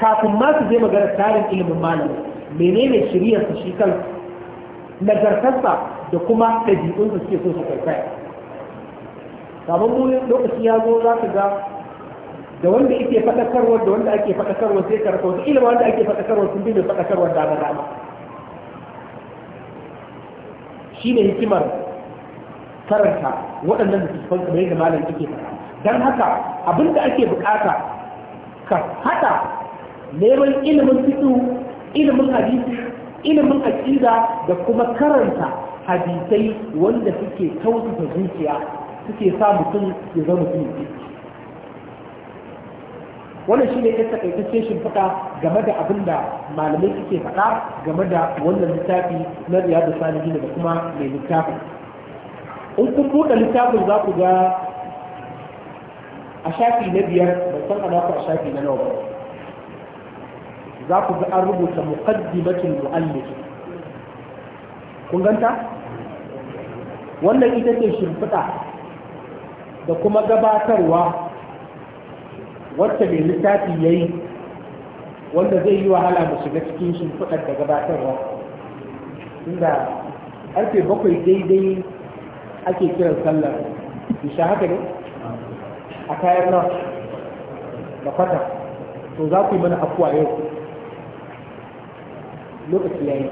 kafin ma su je magana tarin ilimin malamin menene su shi kan nagartarsa da kuma su suke so su karfaya kamar mu lokaci ya zo za ka ga da wanda ake fadakarwa da wanda ake fadakarwa sai ka rasa wata ilima wanda ake fadakarwa sun bi mai fadakarwa da na dama ne hikimar karanta waɗannan da fanka, mai da malam ake faɗa dan haka abinda ake bukata ka hada neman ilimin fitu ilimin hadisi ilimin aqida da kuma karanta hadisai wanda suke tausasa zuciya suke sa mutum ya zama mutum wannan shine ne takaitaccen shimfiɗa game da abin da malamai suke faɗa game da wannan littafi na riyadu salihin da kuma mai littafin in kun buɗe littafin za ku ga a shafi na biyar ba san ana a shafi na nawa ba za ku ga an rubuta muqaddimatul mu'allif kun ganta wannan ita ce shimfiɗa da kuma gabatarwa wacce mai littafi ya yi wanda zai yi wahala mu shiga cikin shimfiɗar da gabatarwa inda ƙarfe bakwai daidai ake kiran sallar isha haka ne a kayan nan da kwata to za ku yi mana afuwa yau lokaci ya yi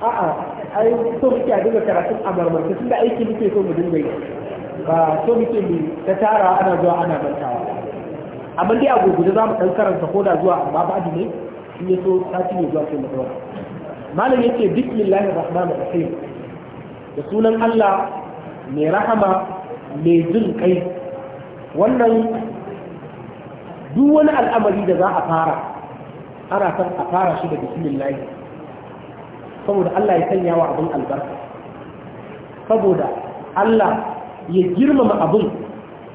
a'a ai so muke a dinga karatun a marmarta tun da aiki muke so mu dinga yi ba so muke ne ta tara ana zuwa ana mantawa amma dai agogo gurguje zamu mu ɗan karanta ko zuwa amma ba ne in ya so sati ne zuwa sai mu ɗora malam yake bismillahir rahmanir rahim da sunan Allah mai rahama mai jin kai wannan duk wani al'amari da za a fara ana son a fara shi da bismillah saboda Allah ya sanya wa abin albarka saboda Allah ya girmama abin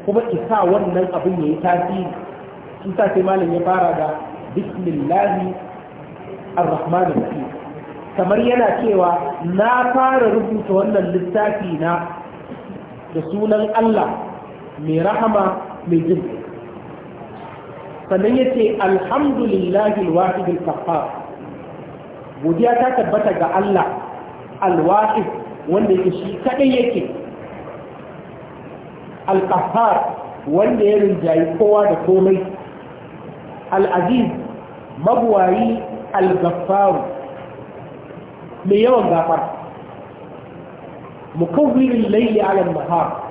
kuma isa wannan abin ya yi tasiri sun sa sai malam ya fara da bismillahi ar-rahman rahim kamar yana cewa na fara rubuta wannan littafi na da sunan Allah mai rahama mai jin sannan ya ce alhamdulillahi alwahid al-qahhar godiya ta tabbata ga Allah alwahid wanda yake shi kadai yake alƙahar wanda ya rinjayi kowa da komai al'aziz mabuwayi al-gaffaru mai yawan gafar mukawwirin laili ala nahar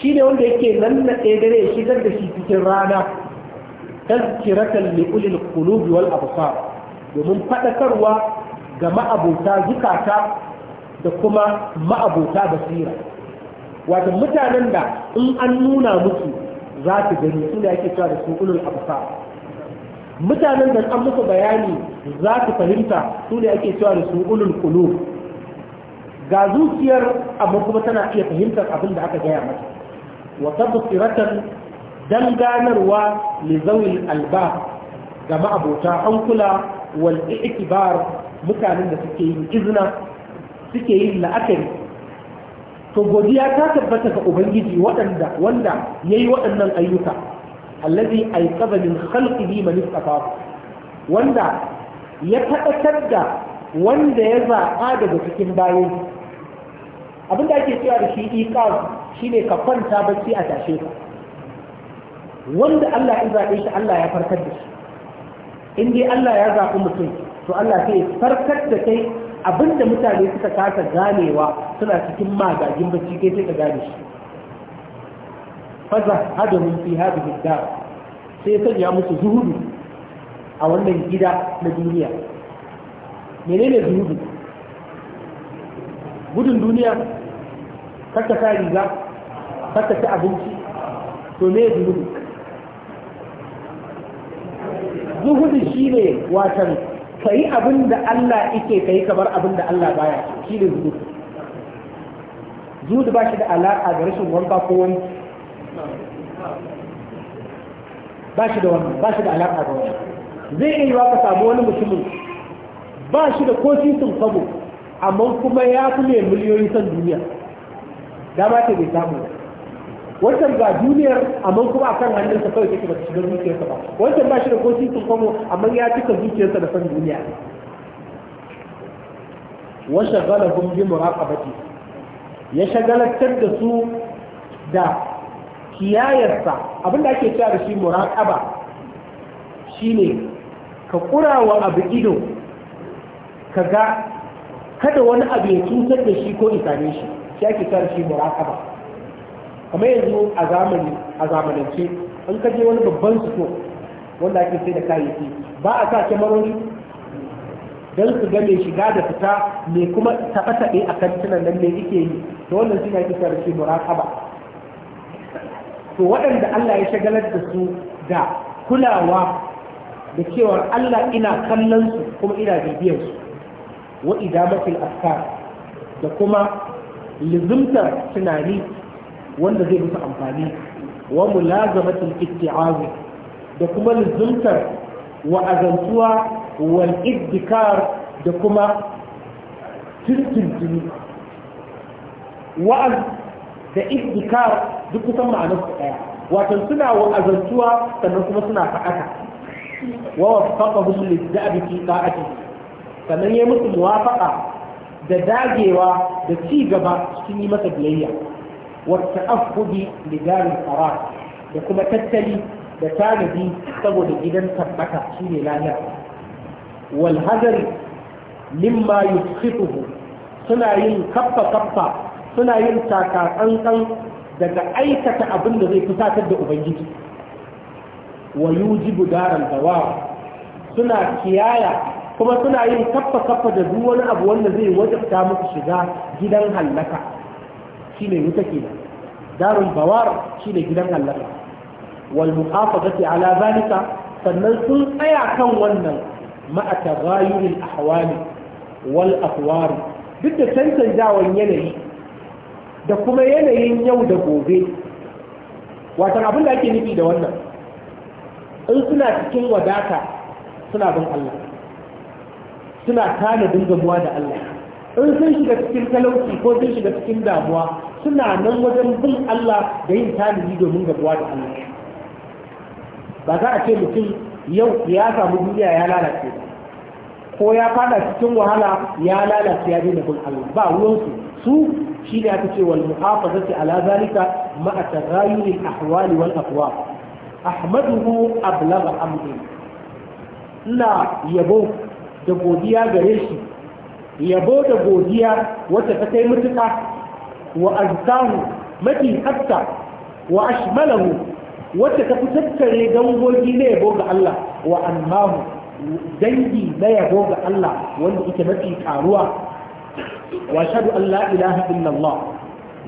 shi ne wanda yake nan na dare ya shigar da shi cikin rana tazkiratan li ulil qulubi wal domin faɗakarwa ga ma'abota zukata da kuma ma'abota basira wato mutanen da in an nuna musu za su gani su ne ake cewa da su ulul absa mutanen da an musu bayani za su fahimta su ne ake cewa da su ulul qulub ga zuciyar amma kuma tana iya fahimtar abin da aka gaya mata wa tabsiratan dan ganarwa li zawil alba ga ma'abota hankula wal i'tibar mutanen da suke yin izna suke yin la'akari to godiya ta tabbata ga ubangiji waɗanda wanda yayi waɗannan ayyuka allazi ayqadha min khalqihi man istafa wanda ya taɗakar da wanda ya zaɓa daga cikin bayan abin da ake cewa da shi iqaz shine ka kwanta bacci a tashe ka wanda Allah ya zaɓe shi Allah ya farkar da shi in dai Allah ya zaɓi mutum to Allah sai farkar da kai abinda mutane suka kasa ganewa suna cikin magajin bacci kai sai ka gane shi faza hada mun fi hada gida sai sanya musu zuhudu a wannan gida na duniya menene zuhudu gudun duniya kaka sa riga kaka ta abinci to me zuhudu zuhudu shine watan kai abin da Allah yake kai kamar abin da Allah baya shi ne zuhud zuhud ba shi da alaƙa da rashin wanka ko wani ba shi da wannan ba shi da alaƙa da wani zai iya yiwa ka samu wani mutumin ba shi da ko titin kwabo amma kuma ya fi miliyoyin miliyoyi san duniya dama ta bai samu ba wancan ba duniyar amma kuma akan hannunsa kawai take ba shiga zuciyarsa ba wancan ba shi da kosi sun kwamo amma ya cika zuciyarsa da san duniya wa shagalahum bi muraqabati ya shagalatar da su da kiyayarsa abinda ake cewa da shi muraqaba shine ka wa abu ido ka ga kada wani abu ya cutar da shi ko isane shi shi ake cewa da shi muraqaba kamar yanzu a zamani a zamanance in ka je wani babban suko wanda ake sai da kayayyaki ba a sa kyamarori don su ga mai shiga da fita mai kuma taɓa-taɓe a tunan nan mai yake yi To wannan suna kisa da ke muraƙaba to waɗanda Allah ya shagalar da su da kulawa da cewar Allah ina kallon su kuma ina bibiyar su wa idamatul afkar da kuma lizumta tunani wanda zai musu amfani wa mulazamatul itti'azi da kuma lizumtar wa azantuwa wal iddikar da kuma tuntuntuni wa'az da iddikar duk kusan ma'anar su daya wato suna wa'azantuwa sannan kuma suna fa'ata wa waffaqahum lidda'bi fi ta'ati sannan yayi musu muwafaqa da dagewa da ci gaba cikin yi masa biyayya والتأخذ لدار القرار لكما تتلي لتالدي تقول إذا ثبت شيء لا لا والهذر مما يسخطه suna yin kaffa-kaffa suna yin takatsantsan daga aikata abin da zai satar da ubangiji wa yujibu daran dawa suna kiyaya kuma suna yin kaffa-kaffa da duk wani abu wanda zai wajabta musu shiga gidan hallaka ne wuta ke darul bawar ne gidan allah wal muhafazati ala zalika sannan sun tsaya kan wannan ma'a tagayuril ahwali wal afwari duk da cancanjawan yanayi da kuma yanayin yau da gobe watan abin da ake nufi da wannan in suna cikin wadata suna bin Allah suna tanadin gamuwa da Allah in sun shiga cikin talauci ko sun shiga cikin damuwa suna nan wajen bin Allah da yin tanadi domin gabuwa da Allah ba za a ce mutum yau ya samu duniya ya lalace ba ko ya fada cikin wahala ya lalace ya daina bin Allah ba ruwansu su shi ne aka ce wal muhafazati ala zalika ma'a tagayyuri ahwali wal aqwa ahmaduhu ablagha amri ina yabo da godiya gare shi yabo da godiya wata ta kai mutuka wa azkaru mafi tsafta wa ashmalahu wata ta fi tattare dangogi na yabo ga Allah wa annahu dangi na yabo ga Allah wanda ita mafi karuwa wa shaɗu Allah ilaha illallah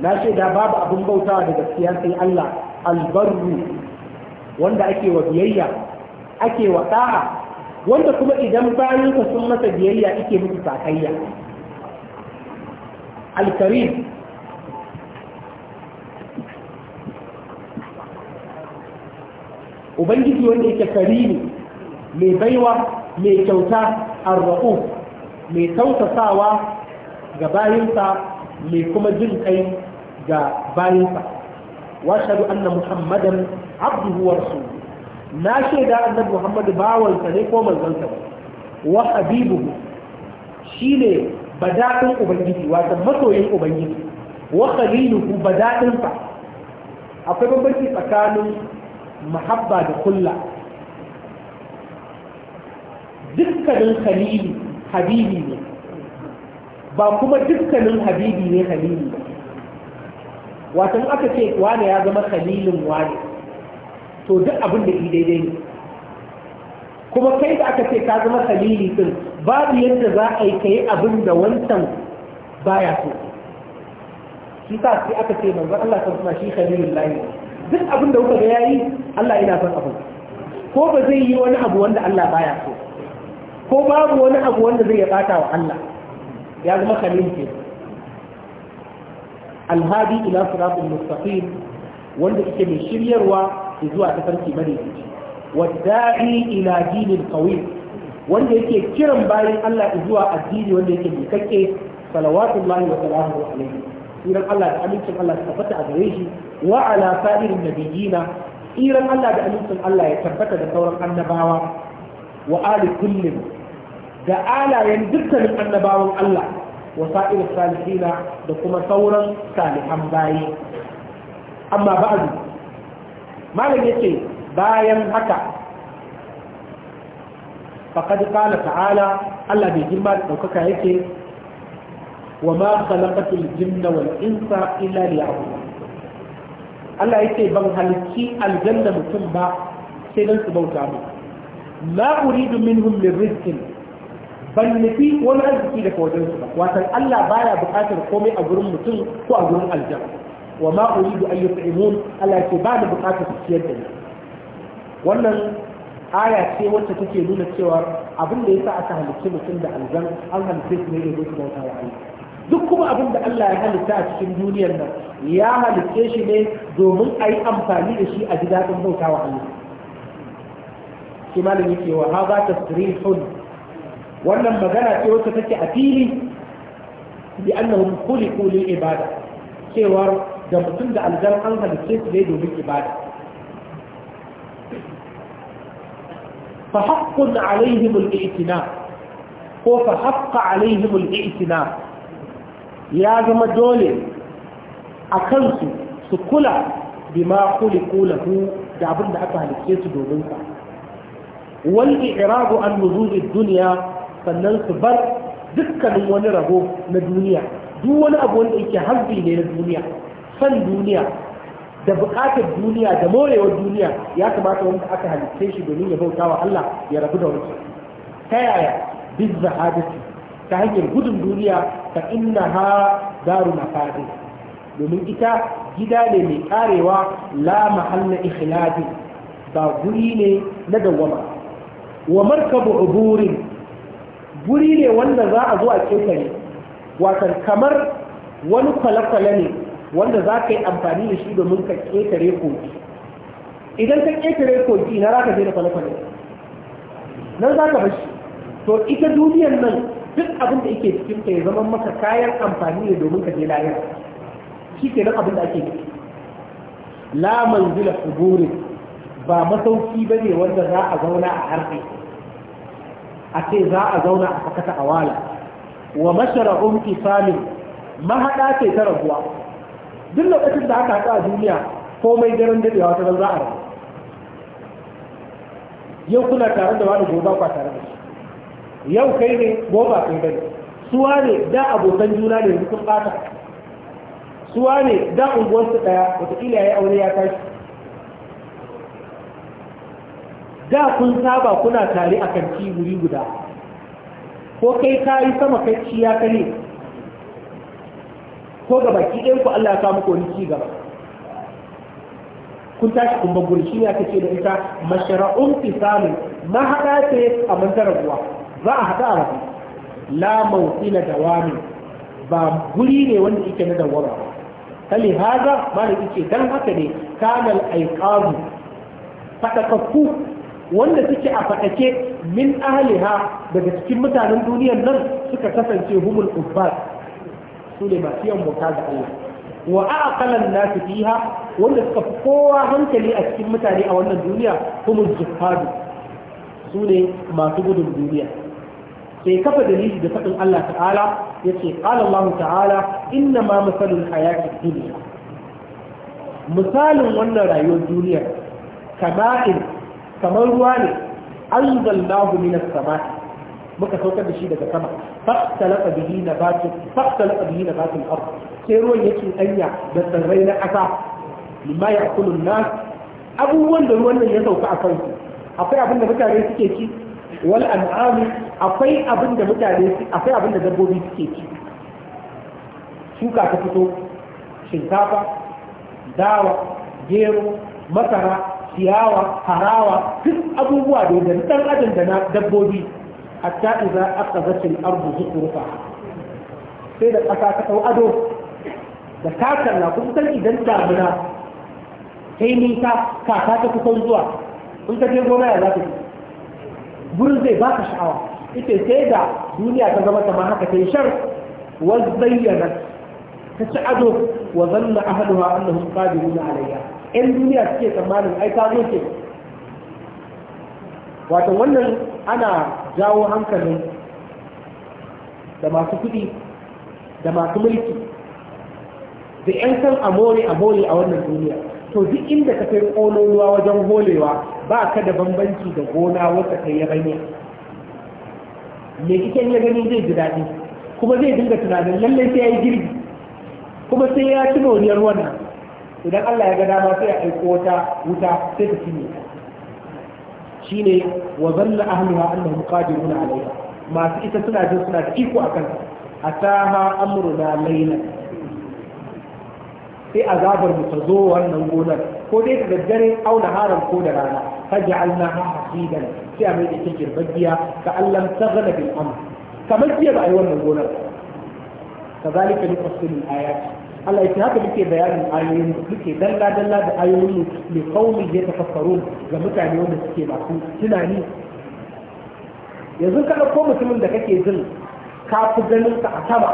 na shaida babu abin bautawa da gaskiya sai Allah albarru wanda ake wa biyayya ake wa ɗa'a. wanda kuma idan bayan ka sun masa biyayya ike mutu sakayya alkarim ubangiji wanda yake karimi mai baiwa mai kyauta arra'u mai tausasawa ga bayinsa mai kuma jin kai ga bayinsa washadu anna muhammadan abduhu wa rasuluhu na shaida annabi muhammadu bawansa ne ko manzansa ba wa shi ne badaɗin ubangiji wata masoyin ubangiji wa khaliluhu badadin sa akwai bambanci tsakanin mahabba da kulla dukkanin khalili habibi ne ba kuma dukkanin habibi ne khalili ba aka ce wane ya zama khalilin wane to duk abin da shi daidai ne kuma kai da aka ce ka zama salili din babu yadda za a yi kai abin da wancan baya so shi sa sai aka ce manzon Allah san suna shi khalilul lahi duk abin da kuka ga yayi Allah yana son abin ko ba zai yi wani abu wanda Allah baya so ko babu wani abu wanda zai ya bata wa Allah ya zama khalil ke alhadi ila siratul mustaqim wanda yake mai shiryarwa zuwa ta farki bane wadda'i ila dinin qawi wanda yake kiran bayan Allah zuwa addini wanda yake bikakke salawatullahi wa salamuhu alaihi tsiran Allah da amincin Allah ta tabbata a gare shi wa ala sa'irin nabiyina tsiran Allah da amincin Allah ya tabbata da sauran annabawa wa ali kullin da alayen dukkanin annabawan Allah wa sa'irin salihina da kuma sauran salihan bayi amma ba'du malam yace bayan haka faqad qala ta'ala Allah bai girma da daukaka yake wa ma khalaqatul jinna wal insa illa liya'budun Allah yake ban halki aljanna mutum ba sai dan su bauta mu la uridu minhum min rizqin ban nufi wani arziki daga wajen su ba watan Allah baya bukatar komai a gurin mutum ko a gurin aljanna wa ma uridu an yut'imun Allah ce ba da bukatar su ciyar da ni wannan aya ce wacce take nuna cewa abin da yasa aka halicci mutum da alzan an halitta su ne da su bauta wa duk kuma abin da Allah ya halitta a cikin duniyar nan ya halitte shi ne domin a yi amfani da shi a ji daɗin bauta wa Allah shi malam yake wa haza tasrihun wannan magana ce wacce take a fili bi annahum khuliqu lil ibada cewar da mutum da aljan an halice su ne domin ibada fa haqqun alaihim al ko fa haqqa itina ya zama dole a kansu su kula bima khuliqu lahu da abin da aka halice su domin ka. Wani i'radu an nuzul duniya sannan su bar dukkanin wani rago na duniya duk wani abu wanda yake harbi ne na duniya san duniya da buƙatar duniya da morewar duniya ya kamata wanda aka halitta shi domin ya bauta wa Allah ya rabu da wancan ta yaya bin zahadati ta hanyar gudun duniya ta inna ha daru mafadi domin ita gida ne mai karewa la mahalla ikhladi ba guri ne na dawwama wa markabu uburin guri ne wanda za a zo a ketare watan kamar wani kwale-kwale ne wanda za ka yi amfani da shi domin ka ƙetare kogi idan ka ƙetare kogi na za ka da kwale-kwale nan za ka bashi to ita duniyan nan duk abin da yake cikin ka ya zama maka kayan amfani ne domin ka je layar shi ke nan abin da ake ciki la manzila suburin ba masauki ba ne wanda za a zauna a harfe a ce za a zauna a fakata a wala wa mashara'un kisamin mahaɗa ce ta rabuwa duk lokacin da aka haɗu a duniya komai daren daɗewa ta za a rabu yau kuna tare da wani goba kwa tare da shi yau kai ne goba kai bane suwa ne da abokan juna ne yanzu fata ɓata suwa ne da unguwarsu ɗaya wataƙila ya yi aure ya tashi da kun saba kuna tare a kanti wuri guda ko kai ka yi sama kai ciya ka ne ko gaba baki ɗayan ku Allah ya samu ko wani ci gaba kun tashi kun bagul shi ne aka ce da ita mashara'un fisalu ma haɗa ce a manta rabuwa za a haɗa a rabu la mawqila dawami ba guri ne wanda yake na dawama ba kali haza malam yake dan haka ne kanal aiqazu fatakakku wanda suke a fatake min ahliha daga cikin mutanen duniyar nan suka kasance humul ubbas. su ne masu yawan bauta ga Allah wa aqalan nasu fiha wanda suka fi kowa hankali a cikin mutane a wannan duniya kuma jihadu su ne masu gudun duniya sai kafa dalili da faɗin Allah ta'ala ya ce Allah ta'ala inna ma a hayaƙi duniya misalin wannan rayuwar duniya kama'in kamar ruwa ne an zallahu minas sama'i muka saukar da shi daga sama fakhtalaka bihi nabatu fakhtalaka bihi nabatu al-ard sai ruwan yake danya da tsirrai na ƙasa limma ya'kulu an-nas abubuwan da ruwan nan ya sauka a kansu akwai abin da mutane suke ci wal an'ami akwai abin da mutane akwai abin da dabbobi suke ci shuka ta fito shinkafa dawa gero masara ciyawa harawa duk abubuwa da dan adam da na dabbobi hatta idza aqazatil ardu zukrufa sai da ƙasa ta dau ado da kakan na san idan damuna Sai yi nisa kaka ta kusan zuwa in ka je gona ya za ta gurin zai ka sha'awa ita sai da duniya ta zama kamar haka ta yi shar wa zayyana ta ci ado wa zanna ahaduha annahum qadiruna alayya in duniya suke tsammanin ai ta zo ke wato wannan ana jawo hankalin da masu kuɗi da masu mulki da 'yan san amore amore a wannan duniya to duk inda ka kai ƙololuwa wajen holewa ba ka da bambanci da gona wata kai ya banya mai kiken ya gani zai ji daɗi kuma zai dinga tunanin lallai sai ya yi girbi kuma sai ya ci moriyar wannan idan Allah ya ga dama sai ya aiko wata wuta sai ta cinye shine wa zalla ahliha annahum qadiruna alayha masu ita suna jin suna da iko akan ataha amruna layla sai azabar mu ta zo wannan gonar ko dai da daddare auna naharan ko da rana faj'alnaha hasidan sai a mai da cikin babbiya, ka allam taghla bil amr kamar jiya ba wannan gonar kazalika nufassilu ayati Allah yake haka muke bayanin ayoyin muke dalla dalla da ayoyin mu li qaumi yatafakkarun ga mutane wanda suke masu tunani yanzu ka ko mutumin da kake jin ka fi ganin ka a sama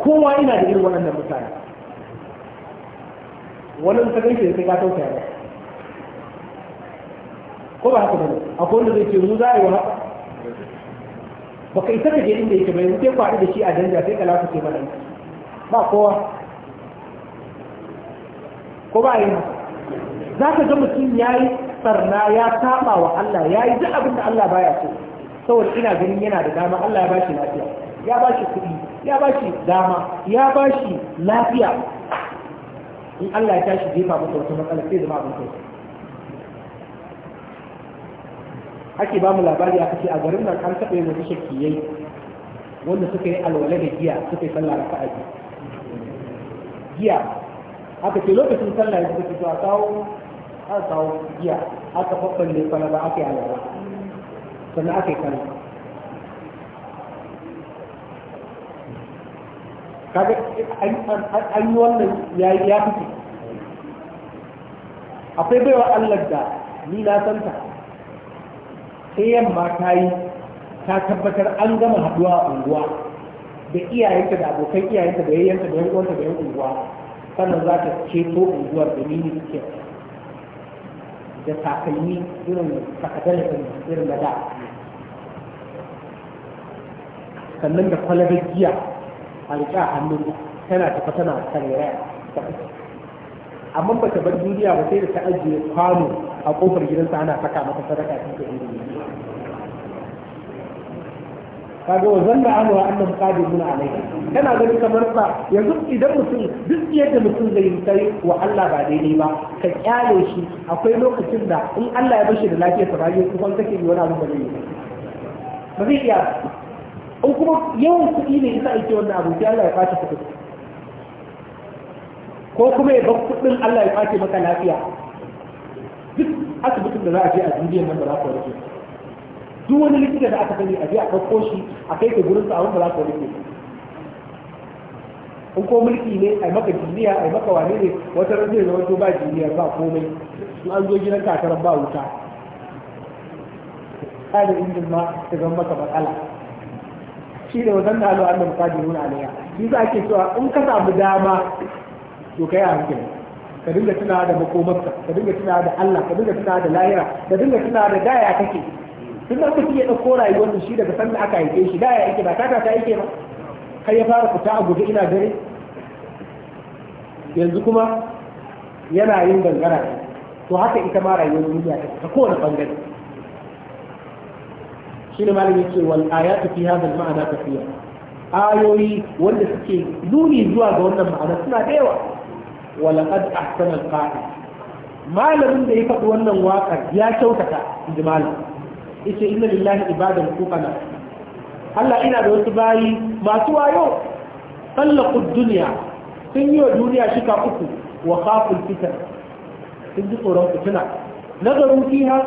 kowa ina da irin waɗannan mutane wannan ka ganke sai ka tausaya ba ko ba haka bane akwai wanda zai ce mu za a yi wa haka baka isa ka je inda yake bai ya kwaɗi da shi a danja sai ka lafa ce mana ba kowa ko ba yi za ka ga mutum ya yi tsarna ya saba wa Allah ya yi duk abin da Allah baya so saboda ina ganin yana da dama Allah ya ba shi lafiya ya ba shi kuɗi ya ba shi dama ya ba shi lafiya in Allah ya tashi jefa masa wata matsala sai zama abin kai ake ba mu labari a kace a garin nan an taɓa yin wasu shakkiyai wanda suka yi alwala da giya suka yi sallah raka'a giya aka ce lokacin sallah ya zuba fito a kawo a kawo giya aka faɓɓalle kwalaba aka yi alawa sannan aka kan kano kaga an yi wannan ya ya fice akwai baiwa Allah da ni na santa sai yamma ta yi ta tabbatar an gama haduwa a unguwa da iyayenta da abokan iyayenta da yayyanta da yankuwanta da yan unguwa sannan za ta ceto unguwar da nini suke da takalmi irin takadalafin irin na da sannan da kwalabar giya a riƙa hannun tana tafa tana karera amma ba ta bar duniya ba sai da ta ajiye kwano a kofar gidansa ana saka mata sadaka cikin duniya kaga wa zanna an wa annam qadirun alayhi kana gani kamar sa yanzu idan mutum duk yadda mutum zai yi kai wa Allah ba daidai ba ka kyale shi akwai lokacin da in Allah ya bashi da lafiya ta bayan kuma kake yi wani abu ba zai yi ba zai iya in kuma yawan kuɗi ne yasa ake wannan abu sai Allah ya kwace ku ko kuma ya bar kuɗin Allah ya kwace maka lafiya duk asibitin da za a je a duniyar nan ba za ku warke ba duk wani likita da aka gani a je a ɗauko shi a kai ka gurin sa a wanda za ka rike in ko mulki ne a maka jiniya a maka wane ne wata ran zai zama to ba jiniya ba komai su an zo gidan kakarar ba wuta kada injin ma ta zama maka matsala shi ne wajen da halu Allah mukadirun alaya shi za ake cewa in ka samu dama to kai a hankali ka dinga tuna da makomarka ka dinga tuna da Allah ka dinga tuna da lahira ka dinga tuna da daya kake tun da mutum ya ɗauko rayuwar shi daga sanda aka haife shi da ya yake ba kaka ta yake ba har ya fara fita a guje ina dare yanzu kuma yana yin gangara to haka ita ma rayuwar duniya ta kowane bangare shi ne malam yake wal ayatu fi hadha al ma'ana kafiya ayoyi wanda suke nuni zuwa ga wannan ma'ana suna da yawa wa laqad ahsana al malamin da ya faɗi wannan waƙar ya kyautata inji malam yace inna lillahi ibadan Allah ina da wasu bayi masu wayo tsallaku duniya sun yi wa duniya shika uku wa kafin fitar, sun ji tsoron fitina nazaru fiha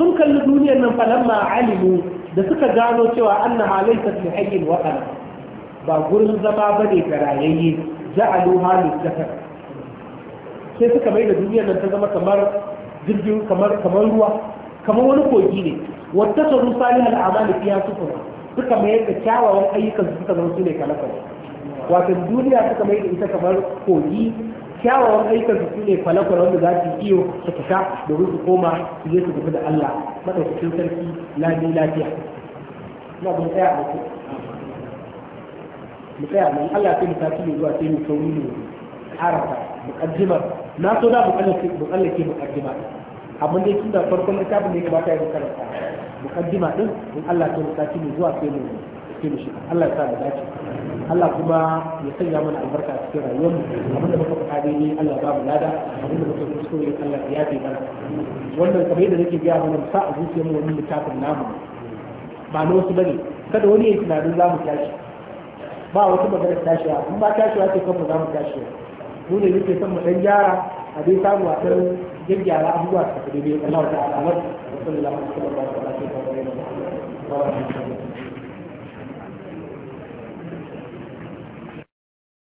sun kalli duniyar nan falamma alimu da suka gano cewa na laysat li hayyin waɗanda ba gurin zama ba ne ga rayayye ja'alu halu safar sai suka mai da duniyar nan ta zama kamar jirgin kamar ruwa kamar wani kogi ne wata sauru salihal amali ya sufura suka mayar da kyawawan ayyukan suka zama su ne kwale-kwale wato duniya suka mayar da ita kamar kogi kyawawan ayyukan su ne kwale-kwale wanda za su iyo su fita domin su koma su je su tafi da Allah madaukakin sarki lami lafiya ina bin tsaya a mutu mu tsaya nan Allah sai mu tafi ne zuwa sai mu sauri ne mu muƙaddimar na so da mu kallake muƙaddimar abin da yake da farkon littafin ne gabata ya karanta mukaddima din in Allah ta lokaci ne zuwa sai mu sai mu shiga Allah ya sa da dace Allah kuma ya sanya mana albarka a cikin rayuwar mu abin da muka faɗa ne Allah ba mu lada abin da muka ne Allah ya yafe mana wannan kamar yadda nake ga mana sa a zuciyar mu wani littafin namu ba na wasu bane kada wani ya tunanin za mu tashi ba wata magana tashi in ba ke kan mu za mu tashi mu ne muke son mu dan gyara a dai samu a gyaggyara abubuwa su tafi daidai Allah ta'ala wa sallallahu da wa sallam wa baraka